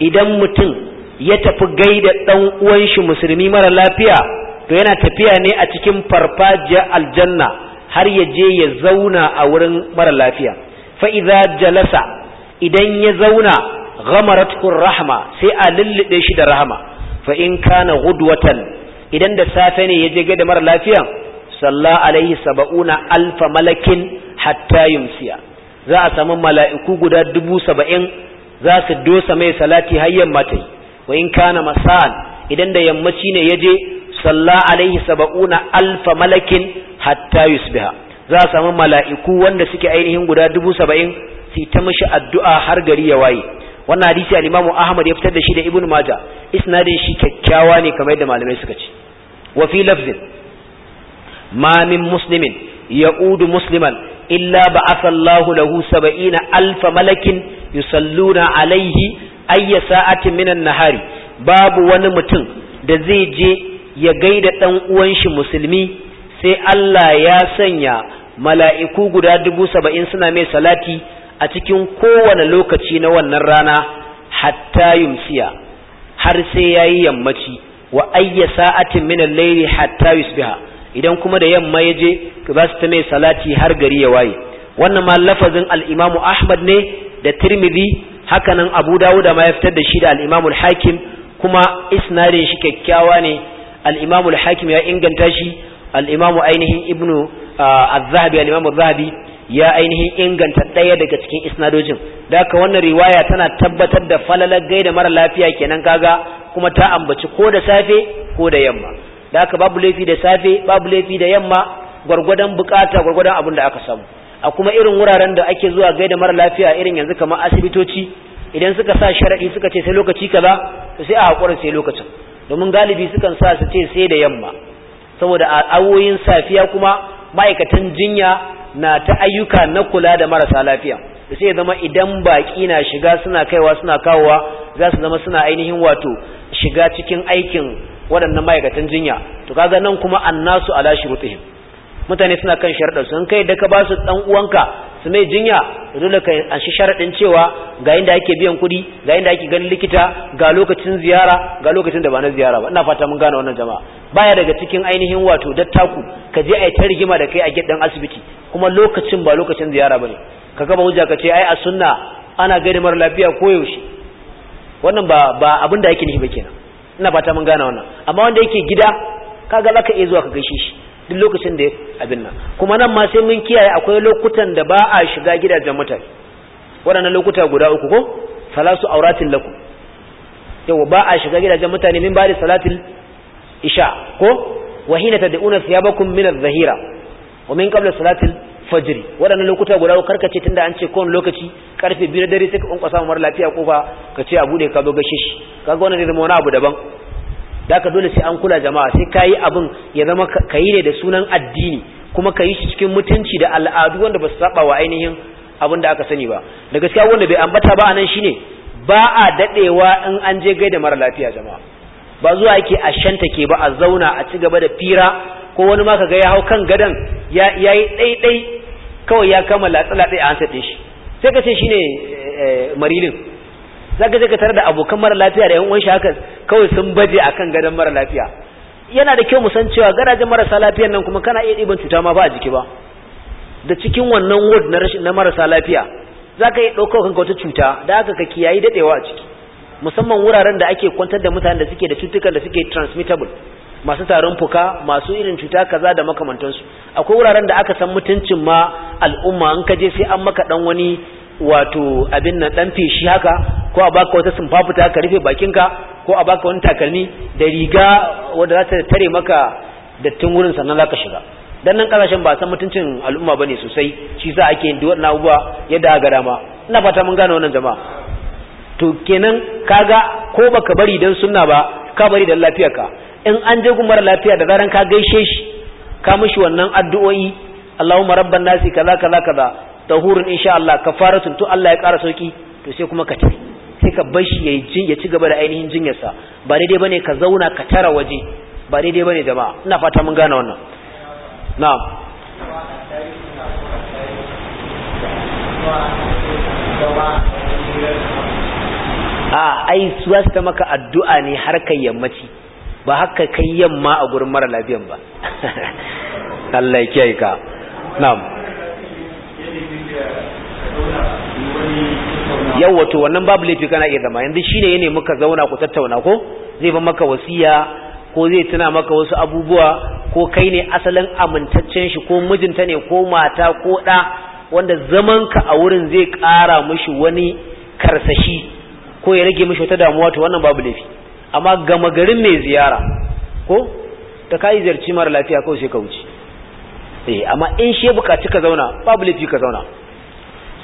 idan mutum ya tafi gaida ɗan uwan shi musulmi mara lafiya to yana tafiya ne a cikin farfajiyar aljanna har ya je ya zauna a wurin mara lafiya fa'iza jalasa idan ya zauna ghamaratuhu rahma sai a lullube shi da rahama fa in kana ghudwatan idan da safe ne ya je gada mara lafiya salla alaihi saba'una alfa malakin hatta yumsiya za a samu mala'iku guda dubu saba'in za su dosa mai salati har yamma ta yi wa in kana masan idan da yammaci ne yaje salla alaihi sab'una alfa malakin hatta yusbiha za a samu mala'iku wanda suke ainihin guda dubu saba'in su ta mashi addu'a har gari ya waye wannan hadisi alimamu Ahmad ya fitar da shi da Ibn Majah isnadin shi kyakkyawa ne kamar yadda malamai suka ce wa fi lafzin ma min muslimin ya'udu musliman illa ba'atha Allahu lahu saba'ina alfa malakin yusalluna alaihi ayya sa'atin minan nahari babu wani mutum da zai je ya gaida dan uwan shi musulmi sai Allah ya sanya mala'iku guda dubu saba'in suna mai salati a cikin kowane lokaci na wannan rana hatta yumsiya har sai yayi yammaci wa ayya sa'atin minan layli hatta yusbiha idan kuma da yamma ya je ba su ta mai salati har gari ya waye wannan ma lafazin al-Imam Ahmad ne da Tirmidhi hakanan abu dawuda ma ya fitar da shi da al'imamul hakim kuma isnadin shi kyakkyawa ne al'imamul hakim ya inganta shi al'imamu ainihin ibnu al-zahabi al'imamu zahabi ya ainihin inganta ɗaya daga cikin isnadojin da ka wannan riwaya tana tabbatar da falalar gaida mara lafiya kenan kaga kuma ta ambaci ko da safe ko da yamma da ka babu laifi da safe babu laifi da yamma gwargwadon bukata gwargwadon abin da aka samu a kuma irin wuraren da ake zuwa gaida mara lafiya irin yanzu kamar asibitoci idan suka sa sharaɗi suka ce sai lokaci kaza to sai a haƙura sai lokacin domin galibi sukan sa su ce sai da yamma saboda a awoyin safiya kuma ma'aikatan jinya na ta ayyuka na kula da marasa lafiya sai zama idan baƙi na shiga suna kaiwa suna kawowa za su zama suna ainihin wato shiga cikin aikin waɗannan ma'aikatan jinya to kaga nan kuma annasu ala shurutihim mutane suna kan sharɗar sun kai da ka ba su dan uwanka su mai jinya dole ka an shi sharaɗin cewa ga inda ake biyan kuɗi ga inda ake ganin likita ga lokacin ziyara ga lokacin da ba na ziyara ba ina fata mun gane wannan jama'a baya daga cikin ainihin wato dattaku ka je ai ta rigima da kai a gidan asibiti kuma lokacin ba lokacin ziyara bane ka gaba hujja ka ce ai a sunna ana gani mara lafiya ko yaushe. wannan ba ba abin da yake nufi ba kenan ina fata mun gane wannan amma wanda yake gida kaga zaka iya zuwa ka gaishe shi duk lokacin da abin nan kuma nan ma sai mun kiyaye akwai lokutan da ba a shiga gidajen mutane waɗannan lokuta guda uku ko salasu auratin lakum yau ba a shiga gidajen mutane min ba'da salatil isha ko hina tad'una thiyabakum min adh-dhahira wa min qabla salatil fajri waɗannan lokuta guda uku karkace tunda an ce kowan lokaci karfe 2 da dare sai ka mu mara lafiya kofa ka ce a bude ka zo gashe shi kaga wannan ne zama wani abu daban da ka dole sai an kula jama'a sai kayi abin ya zama kayi ne da sunan addini kuma kayi shi cikin mutunci da al'adu wanda ba su saba wa ainihin abin da aka sani ba da gaskiya wanda bai ambata ba anan shine ba a dadewa in an je gaida mara lafiya jama'a ba zuwa yake a shanta ke ba a zauna a ci gaba da fira ko wani ma kaga ya hau kan gadan ya yayi daidai kawai ya kama latsa latsa a hansa shi sai ka ce shine eh, eh, marilin zaka je ka tare da abokan mara lafiya da yan uwan shi haka kawai sun baje akan gadon mara lafiya yana da kyau mu san cewa garajin marasa lafiyar nan kuma kana iya ɗiban cuta ma ba a jiki ba da cikin wannan ward na rashin na marasa lafiya zaka iya ɗaukar kanka wata cuta da aka ka kiyayi dadewa a ciki musamman wuraren da ake kwantar da mutanen da suke da cutukan da suke transmittable masu tarin fuka masu irin cuta kaza da makamantansu akwai wuraren da aka san mutuncin ma al'umma an je sai an maka dan wani wato abin nan dan feshi haka ko a baka wata fita ka rufe bakin ka ko a baka wani takalmi da riga wanda za ta tare maka dattin wurin sannan za ka shiga dan nan kasashen ba san mutuncin al'umma bane sosai shi sa ake yin wannan abubuwa yadda ga dama ina fata mun gane wannan jama'a to kenan kaga ko baka bari dan sunna ba ka bari dan ka, in an je gumar lafiya da zaran ka gaishe shi ka mishi wannan addu'o'i Allahumma rabban nasi kaza kaza kaza tahurun insha Allah kafaratun to Allah ya ƙara sauki to sai kuma ka tafi sai ka bar shi yayin jin ya ci gaba da ainihin jinyarsa ba daidai bane ka zauna ka tara waje ba daidai bane jama'a ina fata mun gane wannan na'am a ai su ta maka addu'a ne har kai yammaci ba haka kai yamma a gurin mara lafiyan ba (laughs) Allah ya kiyaye ka na'am yau wannan babu laifi kana iya zama yanzu shine ne muka zauna ku tattauna ko zai ba maka wasiya ko zai tuna maka wasu abubuwa ko kai ne asalin amintaccen shi ko mijinta ne ko mata ko ɗa wanda zamanka a wurin zai ƙara mishi wani karsashi ko ya rage mishi wata damuwa to wannan babu laifi amma gama garin mai ziyara ko ta kai ziyarci mara lafiya kawai sai ka wuce eh amma in shi ya buƙaci ka zauna babu laifi ka zauna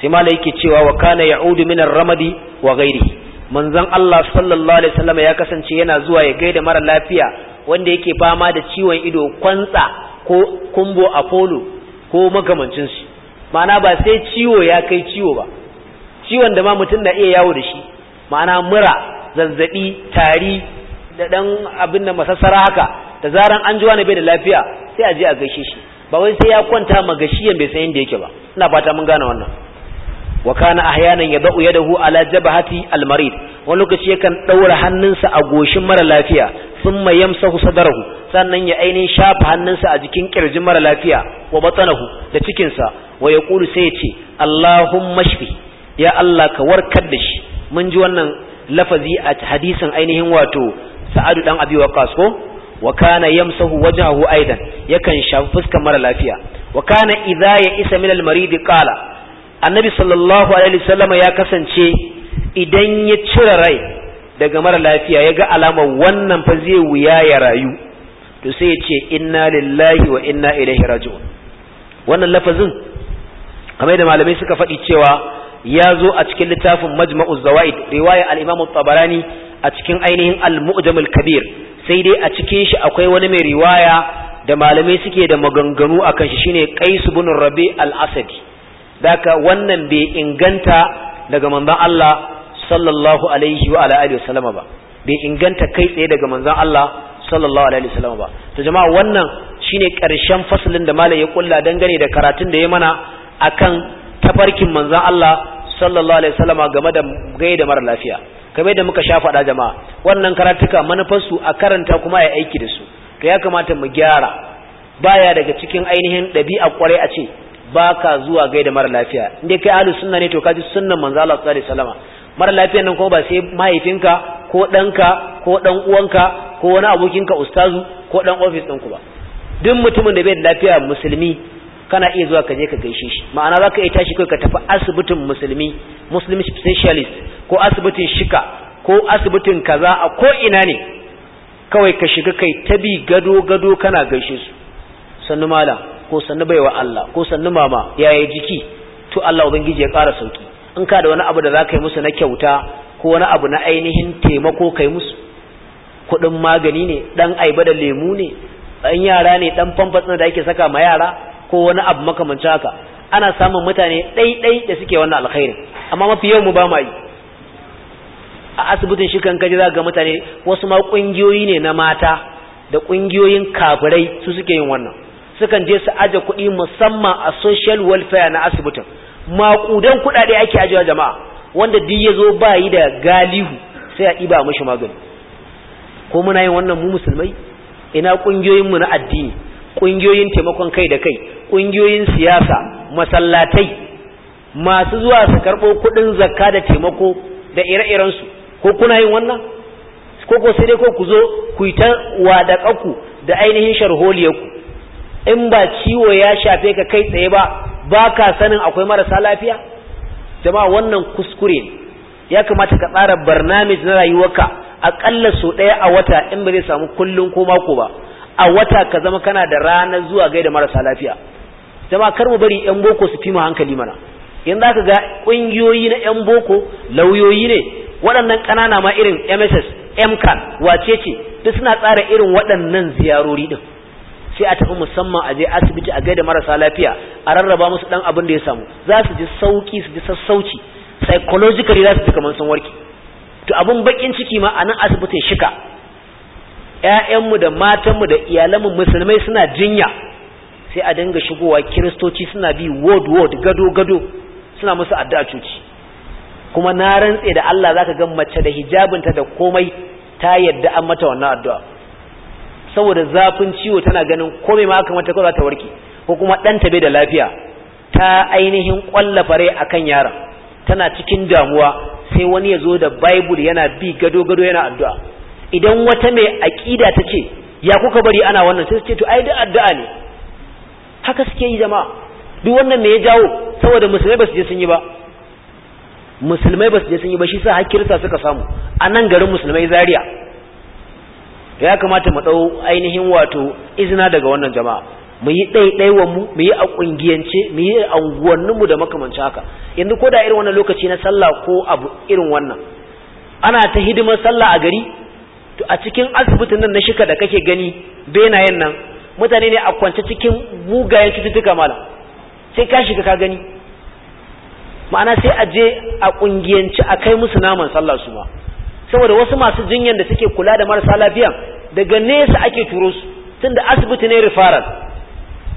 sai malai yake cewa wa kana ya'udu min ramadi wa ghairi manzon Allah sallallahu alaihi wasallam ya kasance yana zuwa ya gaida mara lafiya wanda yake fama da ciwon ido kwantsa ko kumbo folo ko magamancin shi ma'ana ba sai ciwo ya kai ciwo ba ciwon da ma mutum na iya yawo da shi ma'ana mura zazzabi tari da dan abin da masassara haka da zaran an ji wani bai da lafiya sai a je a gaishe shi ba wai sai ya kwanta magashiyan bai san yadda yake ba ina fata mun gane wannan wa kana ahyanan yad'u yadahu ala jabhati al-marid wani lokaci yakan daura hannunsa a goshin mara lafiya thumma yamsahu sadarahu sannan ya ainihin shafa hannunsa a jikin kirjin mara lafiya wa batsanahu da cikinsa wa yaqulu sai ya ce Allahumma shfi ya Allah ka warkar da shi mun ji wannan lafazi a hadisin ainihin wato Sa'adu dan Abi Waqqas ko wa kana yamsahu wajhahu aidan yakan shafa fuskar mara lafiya wa kana ya isa min al-marid qala annabi sallallahu alaihi wasallam ya kasance idan ya cire rai daga mara lafiya ya ga alamar wannan fa zai wuya ya rayu to sai ya ce inna lillahi wa inna ilaihi raji'un wannan lafazin kamar yadda malamai suka faɗi cewa ya zo a cikin littafin majma'u zawaid riwaya al-imam tabarani a cikin ainihin al-mu'jam al-kabir sai dai a cikin shi akwai wani mai riwaya da malamai suke da maganganu akan shi shine qais ibn rabi al-asadi daka wannan bai inganta daga manzon Allah sallallahu alaihi wa alihi wasallama ba bai inganta kai tsaye daga manzon Allah sallallahu alaihi wasallama ba to jama'a wannan shine karshen fasalin da malai ya kulla dangane da karatun da ya mana akan tafarkin manzon Allah sallallahu alaihi wasallama game da gaida mara lafiya kamar da muka sha faɗa jama'a wannan karatuka manufarsu a karanta kuma ya aiki da su to ya kamata mu gyara baya daga cikin ainihin ɗabi'a kwarai a ce baka zuwa gaida mara lafiya inda kai ahlus sunna ne to kaji sunnan manzo Allah sallallahu alaihi wasallam mara lafiyan nan ko ba sai mahaifinka ko danka ko dan uwanka ko wani abokinka ustazu ko dan office ku ba duk mutumin da bai da lafiya musulmi kana iya zuwa ka je ka gaishe shi ma'ana zaka iya tashi kai ka tafi asibitin musulmi muslim specialist ko asibitin shika ko asibitin kaza a ko ina ne kawai ka shiga kai ta bi gado gado kana gaishe su sannu malam ko sannu wa Allah ko sannu mama yaya jiki to Allah ubangiji ya ƙara sauki in ka da wani abu da zaka yi musu na kyauta ko wani abu na ainihin taimako kai musu kuɗin magani ne ɗan aiba da lemu ne ɗan yara ne dan famfas da ake saka ma yara ko wani abu makamancin haka ana samun mutane ɗaiɗai da suke wannan alkhairin amma mafi yau mu ba ma yi a asibitin shi kan kaji za ga mutane wasu ma ƙungiyoyi ne na mata da ƙungiyoyin kafirai su suke yin wannan sukan je su aje kuɗi musamman a social welfare na asibitin maƙudan kuɗaɗe ake ajiyar jama'a wanda duk ya zo ba yi da galihu sai a ɗiba mashi magani ko muna yin wannan mu musulmai ina ƙungiyoyinmu na addini ƙungiyoyin taimakon kai da kai ƙungiyoyin siyasa masallatai masu zuwa su karɓo kuɗin zakka da taimako da ire-irensu ko kuna yin wannan ko ko sai dai ko ku zo ku yi ta wadaƙaku da ainihin sharholiyarku in ba ciwo ya shafe ka kai tsaye ba ba ka sanin akwai marasa lafiya jama'a wannan kuskure ya kamata ka tsara barnamij na rayuwarka aƙalla sau ɗaya a wata in ba zai samu kullum ko mako ba a wata ka zama kana da ranar zuwa gaida marasa lafiya jama'a kar mu bari yan boko su fi mu hankali mana yanzu aka ga ƙungiyoyi na yan boko lauyoyi ne waɗannan ƙanana ma irin mss mcan wace ce duk suna tsara irin waɗannan ziyarori din sai a tafi musamman a je asibiti a gaida marasa lafiya a rarraba musu dan abin da ya samu za su ji sauki su ji sassauci psychologically za su ji kamar sun warke to abin bakin ciki ma a nan asibitin shika ƴaƴanmu da matanmu da iyalanmu musulmai suna jinya sai a dinga shigowa kiristoci suna bi word word gado gado suna musu addu'a cuci kuma na rantse da Allah zaka ga mace da hijabinta da komai ta yadda an mata wannan addu'a saboda zafin ciwo tana ganin kome ma aka mata kawai ta warke ko kuma ɗanta bai da lafiya ta ainihin ƙwallafa rai kan yaron tana cikin damuwa sai wani ya zo da bible yana bi gado gado yana addu'a idan wata mai aƙida ta ce ya kuka bari ana wannan sai suke ce to ai da addu'a ne haka suke yi jama'a duk wannan me ya jawo saboda musulmai basu je sun yi ba musulmai basu je sun yi ba shi sa har suka samu a nan garin musulmai Zariya. ya kamata mu dau ainihin wato izina daga wannan jama'a mu yi ɗaiɗaiwan mu mu yi a ƙungiyance mu yi a unguwanninmu da makamanci haka yanzu ko da irin wannan lokaci na sallah ko abu irin wannan ana ta hidimar sallah a gari to a cikin asibitin nan na shika da kake gani benayen nan mutane ne a kwance cikin bugayen cututtuka malam sai ka shiga ka gani ma'ana sai a je a ƙungiyance a kai musu naman sallah su ma saboda wasu masu jinyar da suke kula da marasa lafiya daga nesa ake turo su tunda asibiti ne referral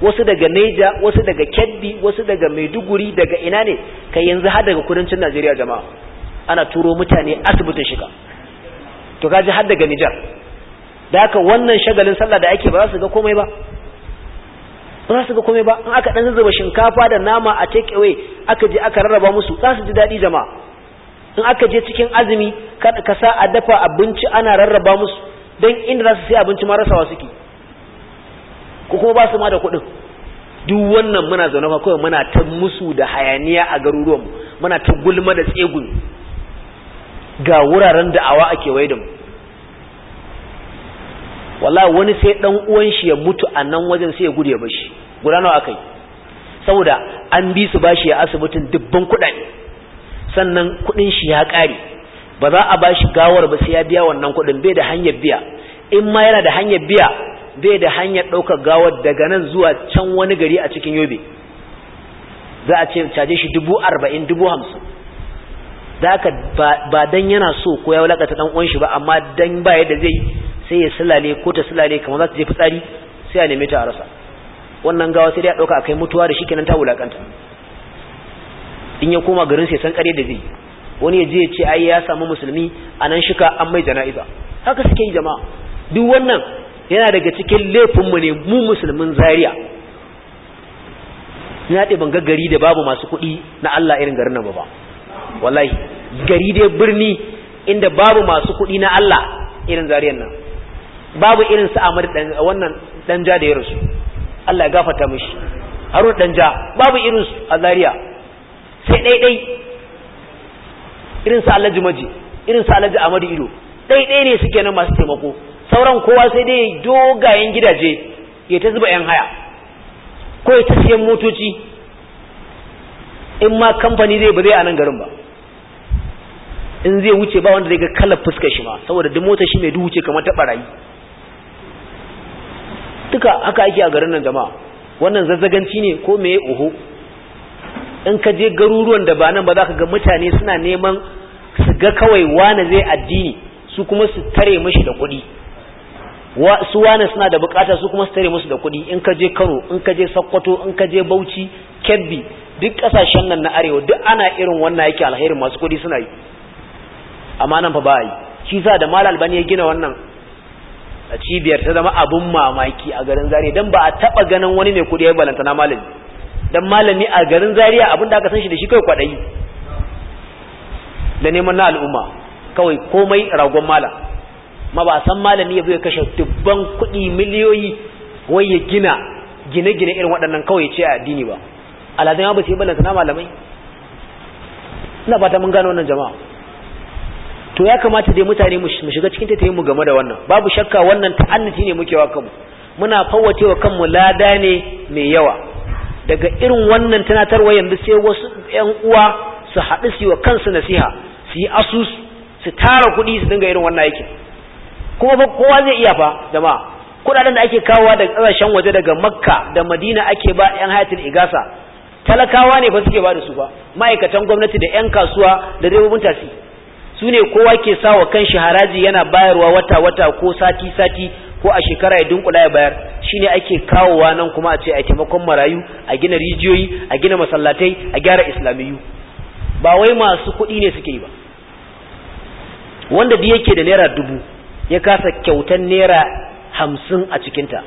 wasu daga Neja wasu daga Kebbi wasu daga Maiduguri daga ina ne kai yanzu har daga kudancin Najeriya jama'a ana turo mutane asibitin shiga to kaji har daga Nijar da haka wannan shagalin sallah da ake ba za su ga komai ba ba za su ga komai ba in aka dan zuba shinkafa da nama a take away aka je aka rarraba musu za su ji daɗi jama'a in aka je cikin azumi ka sa a dafa abinci ana rarraba musu don inda za su sai abinci ma rasawa suke ko kuma ba su ma da kuɗin duk wannan muna zaune fa kawai muna ta musu da hayaniya a garuruwanmu muna ta gulma da tsegun ga wuraren da'awa a kewaye da mu wallahi wani sai dan uwan shi ya mutu a nan wajen sai ya gudu ya bashi guda nawa akai saboda an bi su bashi a asibitin dubban kuɗaɗe sannan kuɗin shi ya kare ba za a bashi gawar ba sai ya biya wannan kuɗin bai da hanyar biya in ma yana da hanyar biya bai da hanyar ɗaukar gawar daga nan zuwa can wani gari a cikin yobe za a ce caje shi dubu arba'in dubu hamsin da ba dan yana so ko ya wulaƙa dan uwan shi ba amma dan ba yadda zai sai ya sulale ko ta sulale kamar za ta je fitsari sai a neme ta a rasa wannan gawa sai dai a ɗauka a kai mutuwa da shi kenan ta wulakanta in ya koma garin sai san kare da zai wani ya je ya ce ai ya samu musulmi a nan shika an mai jana'iza haka suke yi jama'a duk wannan yana daga cikin laifinmu ne mu musulmin zaria na ɗe ban gari da babu masu kuɗi na Allah irin garin nan ba wallahi gari dai birni inda babu masu kuɗi na Allah irin zariyan nan babu irin su Amadu ɗan wannan danja da ya rasu Allah ya gafarta mishi Harun danja babu irin su a zariya sai ɗaiɗai irin sa alhaji maji irin sa alhaji amadu ido ɗaiɗai ne suke nan masu taimako sauran kowa sai dai dogayen gidaje ya ta zuba yan haya ko ya ta siyan motoci in ma kamfani zai ba zai a nan garin ba in zai wuce ba wanda zai ga kalar fuskar shi ma saboda duk mota shi mai duk wuce kamar ta barayi duka haka ake a garin nan jama'a wannan zazzaganci ne ko me oho in ka je garuruwan da ba nan ba za ka ga mutane suna neman su ga kawai wane zai addini su kuma su tare mashi da kuɗi su wane suna da bukata su kuma su tare musu da kuɗi in ka je kano in ka je sokoto in ka je bauchi kebbi duk ƙasashen nan na arewa duk ana irin wannan yake alherin masu kuɗi suna yi amma nan fa ba yi shi sa da malal bani ya gina wannan a cibiyar ta zama abun mamaki a garin zare don ba a taɓa ganin wani mai kuɗi ya balanta na malami dan malami a garin Zaria abinda aka san shi da shi kai kwadayi da neman na al'umma kawai komai ragon malam ma ba san malami ya zo ya kashe dubban kuɗi miliyoyi wai ya gina gine-gine irin waɗannan kawai ce a addini ba alhazan ya ba su yi balanta na malamai ina fata mun gano wannan jama'a to ya kamata dai mutane mu shiga cikin tattalin mu game da wannan babu shakka wannan ta'annati ne muke wa kanmu muna fawwace wa kanmu lada ne mai yawa daga irin wannan tunatarwa yanzu sai wasu ƴan uwa su haɗu su yi wa kansu nasiha su yi asus su tara kuɗi su dinga irin wannan aikin kuma fa kowa zai iya fa jama'a kuɗaɗen da ake kawowa daga ƙasashen waje daga makka da madina ake ba ƴan hayatul igasa talakawa ne fa suke ba da su ba ma'aikatan gwamnati da ƴan kasuwa da direbobin tasi su ne kowa ke sa wa kanshi haraji yana bayarwa wata wata ko sati sati ko a shekara ya dunkula ya bayar shine ake kawowa nan kuma a ce a taimakon marayu a gina rijiyoyi a gina masallatai a gyara islamiyu ba wai masu kuɗi ne suke yi ba wanda da yake da naira dubu ya kasa kyautan naira hamsin a cikinta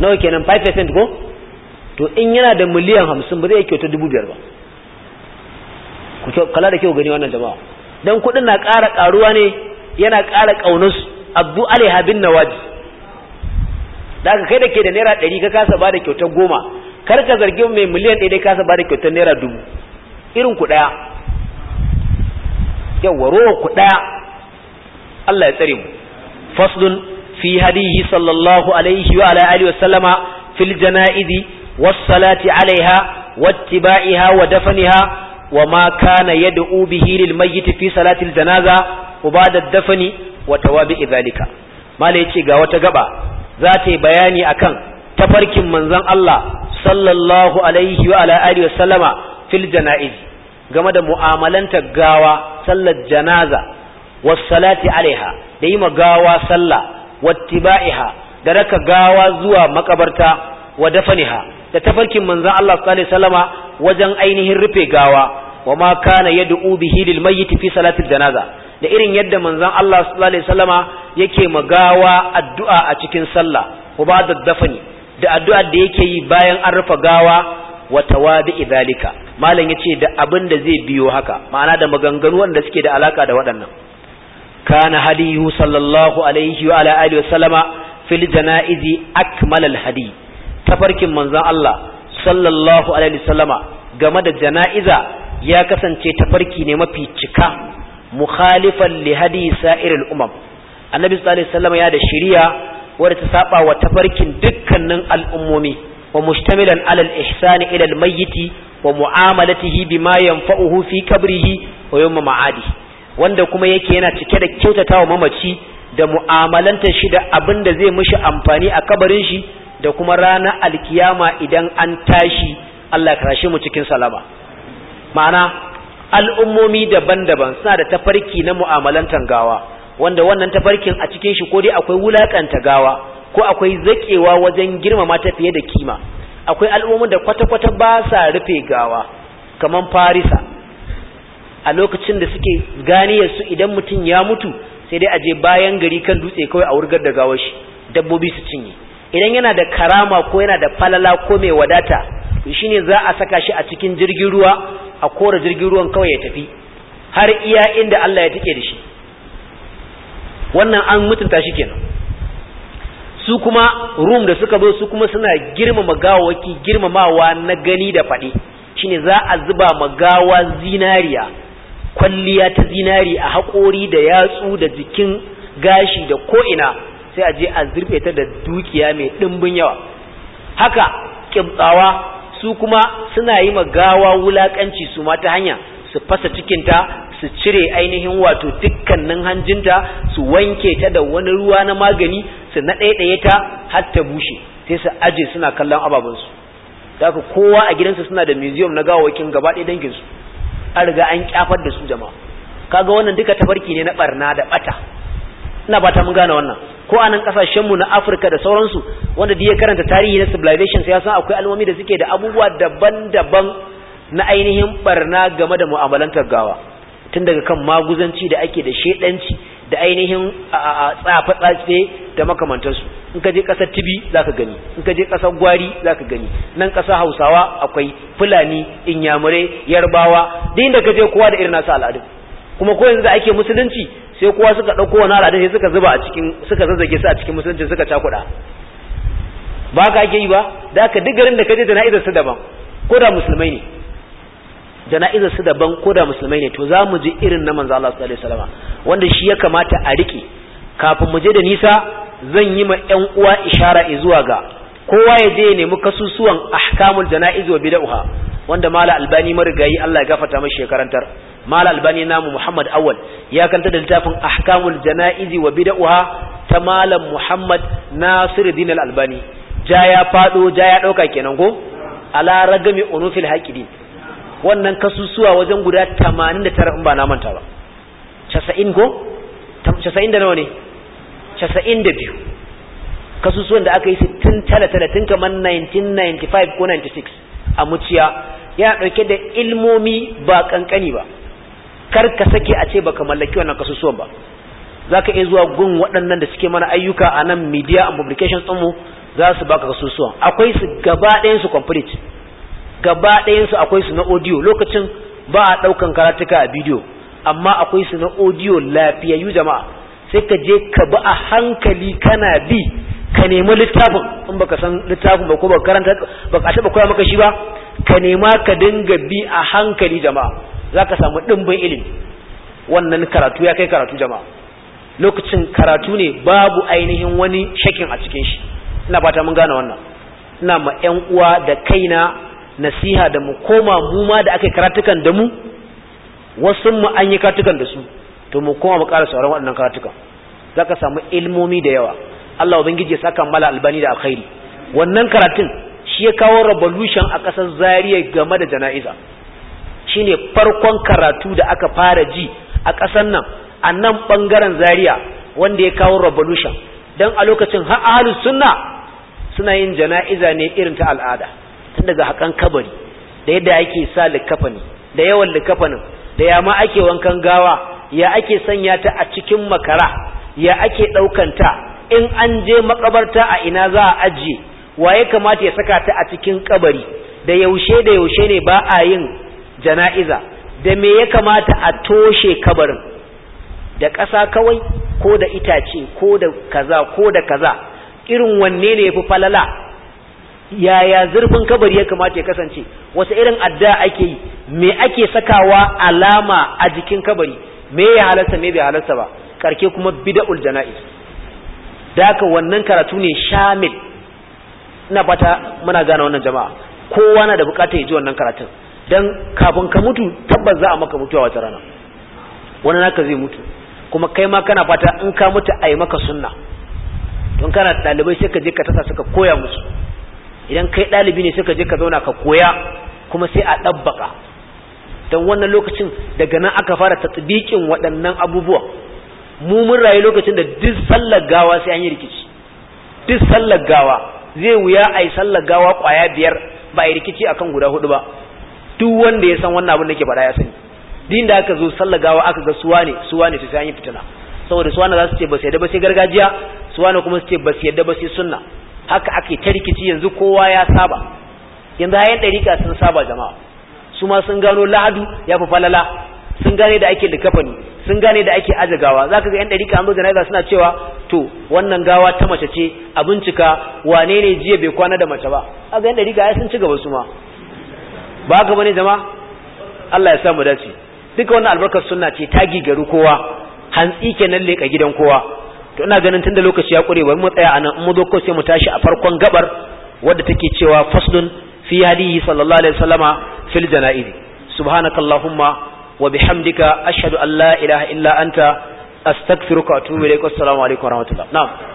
nawa kenan 5% ko to in yana da miliyan hamsin ba zai kyauta dubu biyar ba ku kala da kyau gani wannan jama'a don kuɗin na ƙara ƙaruwa ne yana ƙara ƙaunarsu addu alaiha bin nawadi daga kai da ke da naira ɗari ka kasa ba da kyautar goma kar ka zargi mai miliyan ɗaya kasa ba da kyautar naira dubu irin ku ɗaya yawwa rowa ku ɗaya Allah ya tsare mu faslun fi hadihi sallallahu alaihi wa ala alihi wa sallama fil janaizi alaiha, wa والصلاة عليها واتباعها ودفنها وما كان يدعو به للميت في صلاة الجنازة وبعد dafani. wa tawabi'i zalika mala yace ga wata gaba za ta yi bayani akan tafarkin manzon Allah sallallahu alaihi wa ala alihi wa sallama fil janaiz game da mu'amalanta gawa sallar janaza wassalati alaiha da yi gawa sallah wattiba'iha da raka gawa zuwa makabarta wa dafaniha da tafarkin manzon Allah sallallahu alaihi wasallama wajen ainihin rufe gawa wa ma kana yad'u bihi lil mayyit fi salati janaza da irin yadda manzon Allah sallallahu alaihi wasallama yake magawa addu'a a cikin sallah wa ba'da dafani da addu'a da yake yi bayan an rufe gawa wa tawabi dhalika malam yace da abin da zai biyo haka ma'ana da maganganu wanda suke da alaka da waɗannan kana hadiyu sallallahu alaihi wa alihi wasallama fil janaizi akmal al hadi tafarkin manzon Allah sallallahu alaihi wasallama game da jana'iza ya kasance tafarki ne mafi cika mukhalifan li hadi sa'iril umam annabi sallallahu alaihi ya da shari'a wadda ta saba wa tafarkin dukkanin al'ummomi wa mustamilan alal ihsani ila al mayyiti wa mu'amalatihi bima yanfa'uhu fi kabrihi wa yawm ma'adi wanda kuma yake yana cike da kyautatawa mamaci da mu'amalanta shi da abin da zai mishi amfani a kabarin shi da kuma ranar alkiyama idan an tashi Allah ya karashe mu cikin salama ma'ana al'ummomi daban-daban suna da tafarki na mu'amalantar gawa wanda wannan tafarkin a cikin shi ko dai akwai wulakanta gawa ko akwai zakewa wajen girmama ta fiye da kima akwai al'ummomi da kwata-kwata ba sa rufe gawa kamar farisa a lokacin da suke ganiyar su idan mutum ya mutu sai dai a je bayan gari kan dutse kawai a wurgar da gawar shi dabbobi su cinye idan yana da karama ko yana da falala ko mai wadata shine za a saka shi a cikin jirgin ruwa a kora jirgin ruwan kawai ya tafi har iya inda Allah ya take da shi wannan an mutunta shi kenan su kuma rum da suka zo su kuma suna girmama gawaki girmamawa na gani da faɗi shine za a zuba magawa zinariya kwalliya ta zinari a haƙori da yatsu da jikin gashi da ko'ina sai a je a zurfe ta da dukiya mai ɗimbin yawa haka kimtsawa su kuma suna yi ma gawa wulakanci su ma ta hanya su fasa cikinta su cire ainihin wato dukkanin hanjinta su wanke ta da wani ruwa na magani su naɗaiɗaye ta har ta bushe sai su aje suna kallon ababensu da kowa a gidansu suna da museum na gawawakin gaba ɗaya danginsu an riga an kyafar da su jama'a kaga wannan duka tafarki ne na barna da bata ina ba ta mun gane wannan ko a nan mu na afirka da sauransu wanda duk ya karanta tarihi na civilization sai ya san akwai al'ummomi da suke da abubuwa daban-daban na ainihin barna game da mu'amalantar gawa tun daga kan maguzanci da ake da shedanci da ainihin tsafa tsafe da makamantarsu in ka je kasar tibi za ka gani in ka je kasar gwari za ka gani nan kasar hausawa akwai fulani inyamurai yarbawa da inda ka je kowa da irin nasu al'adun kuma ko yanzu ake musulunci sai kowa suka ɗauko wani al'adun sai suka zuba a cikin suka zazzage su a cikin musulunci suka cakuɗa ba ka ake yi ba da aka duk garin da ka je jana'izar su daban ko da musulmai ne jana'izar su daban ko da musulmai ne to za mu ji irin na manzo Allah sallallahu alaihi wasallam wanda shi ya kamata a rike kafin mu je da nisa zan yi ma ƴan uwa ishara zuwa ga kowa ya je ya nemi kasusuwan ahkamul jana'iz wa bid'ah wanda mala albani marigayi Allah ya gafarta mashi karantar mal albani namu muhammad awal ya kanta da littafin ahkamul janaizi wa bid'uha ta malam muhammad nasiruddin albani ja ya fado ja ya dauka kenan ko ala ragami unufil haqidi wannan kasusuwa wajen guda 89 in ba na manta ba 90 ko 90 da nawa ne 92 kasusuwan da aka yi 60 talatin kamar 1995 ko 96 a muciya yana dauke da ilmomi ba kankani ba kar ka sake a ce baka mallaki wannan kasusuwan ba za ka iya zuwa gun waɗannan da suke mana ayyuka a nan media and publications ɗinmu za su baka kasusuwan akwai su gaba ɗayan su complete gaba ɗayan su akwai su na audio lokacin ba a ɗaukan karatuka a bidiyo amma akwai su na audio lafiyayyu jama'a sai ka je ka bi a hankali kana bi ka nemi littafin in baka san littafin ba ko baka karanta baka koya maka shi ba ka nema ka dinga bi a hankali jama'a Za ka samu ɗimbin ilimi wannan karatu ya kai karatu jama'a lokacin karatu ne babu ainihin wani shakin a cikin shi ina fata mun gane wannan ina ma ƴan uwa da kaina nasiha da mu koma mu ma da aka karatukan da mu wasu mu an yi karatukan da su to mu koma mu ƙara sauran waɗannan karatukan ka samu ilmomi da yawa Allah ubangiji ya saka mala albani da alkhairi wannan karatun shi ya kawo revolution a ƙasar Zariya game da jana'iza shine farkon karatu da aka fara ji a ƙasar nan a nan ɓangaren zaria wanda ya kawo revolution don a lokacin ahalus sunna suna yin jana'iza ne irin ta al'ada tun daga haƙan kabari da yadda ake sa likafani da yawan likafanin da ya ma ake wankan gawa ya ake sanya ta a cikin makara ya ake ɗaukanta in an je makabarta a ina za a ajiye wa ya kamata ya saka ta a cikin kabari da yaushe da yaushe ne ba a yin jana'iza da me ya kamata a toshe kabarin da ƙasa kawai ko da itace ko da kaza ko da kaza irin wanne ne yafi falala yaya zurfin kabari ya kamata ya kasance wasu irin adda ake yi me ake sakawa alama a jikin kabari me ya halarta me bai halarta ba karke kuma bid'ul jana'iz daka wannan karatu ne shamil ina bata muna gane wannan jama'a kowa na da bukatar ya ji wannan karatun dan kafin ka mutu tabbas za a maka mutuwa wata rana wani naka zai mutu kuma kai ma kana fata in ka mutu a yi maka sunna don kana ɗalibai sai ka je ka tasa suka koya musu idan kai ɗalibi ne sai ka je ka zauna ka koya kuma sai a ɗabbaka don wannan lokacin daga nan aka fara tatsibikin waɗannan abubuwa mu mun rayu lokacin da duk sallar gawa sai an yi rikici duk sallar gawa zai wuya a yi sallar gawa ƙwaya biyar ba a yi rikici akan guda hudu ba duk wanda ya san wannan abin da ke faɗa ya sani din da aka zo sallagawa aka ga suwa ne suwa ne su sai an yi fitina saboda suwa ne za su ce ba su yadda ba sai gargajiya suwa ne kuma su ce ba su yadda ba sai sunna haka ake ta rikici yanzu kowa ya saba yanzu hayan ɗarika sun saba jama'a su ma sun gano lahadu ya fi falala sun gane da ake likafani sun gane da ake aje gawa za ka ga yan ɗarika an zo jana'iza suna cewa to wannan gawa ta mace ce a bincika wane ne jiya bai kwana da mace ba a ga yan ɗarika ya sun ci gaba su ma ba haka bane jama'a Allah ya samu dace duka wannan albarkar sunna ce ta gigaru kowa hantsi kenan leka gidan kowa to ina ganin tunda lokaci ya kure bari mu tsaya anan in mu zo ko sai mu tashi a farkon gabar wadda take cewa faslun fi hadihi sallallahu alaihi wasallama fil janaiz subhanakallahumma wa bihamdika ashhadu an la ilaha illa anta astaghfiruka wa atubu ilaik assalamu alaikum wa rahmatullah na'am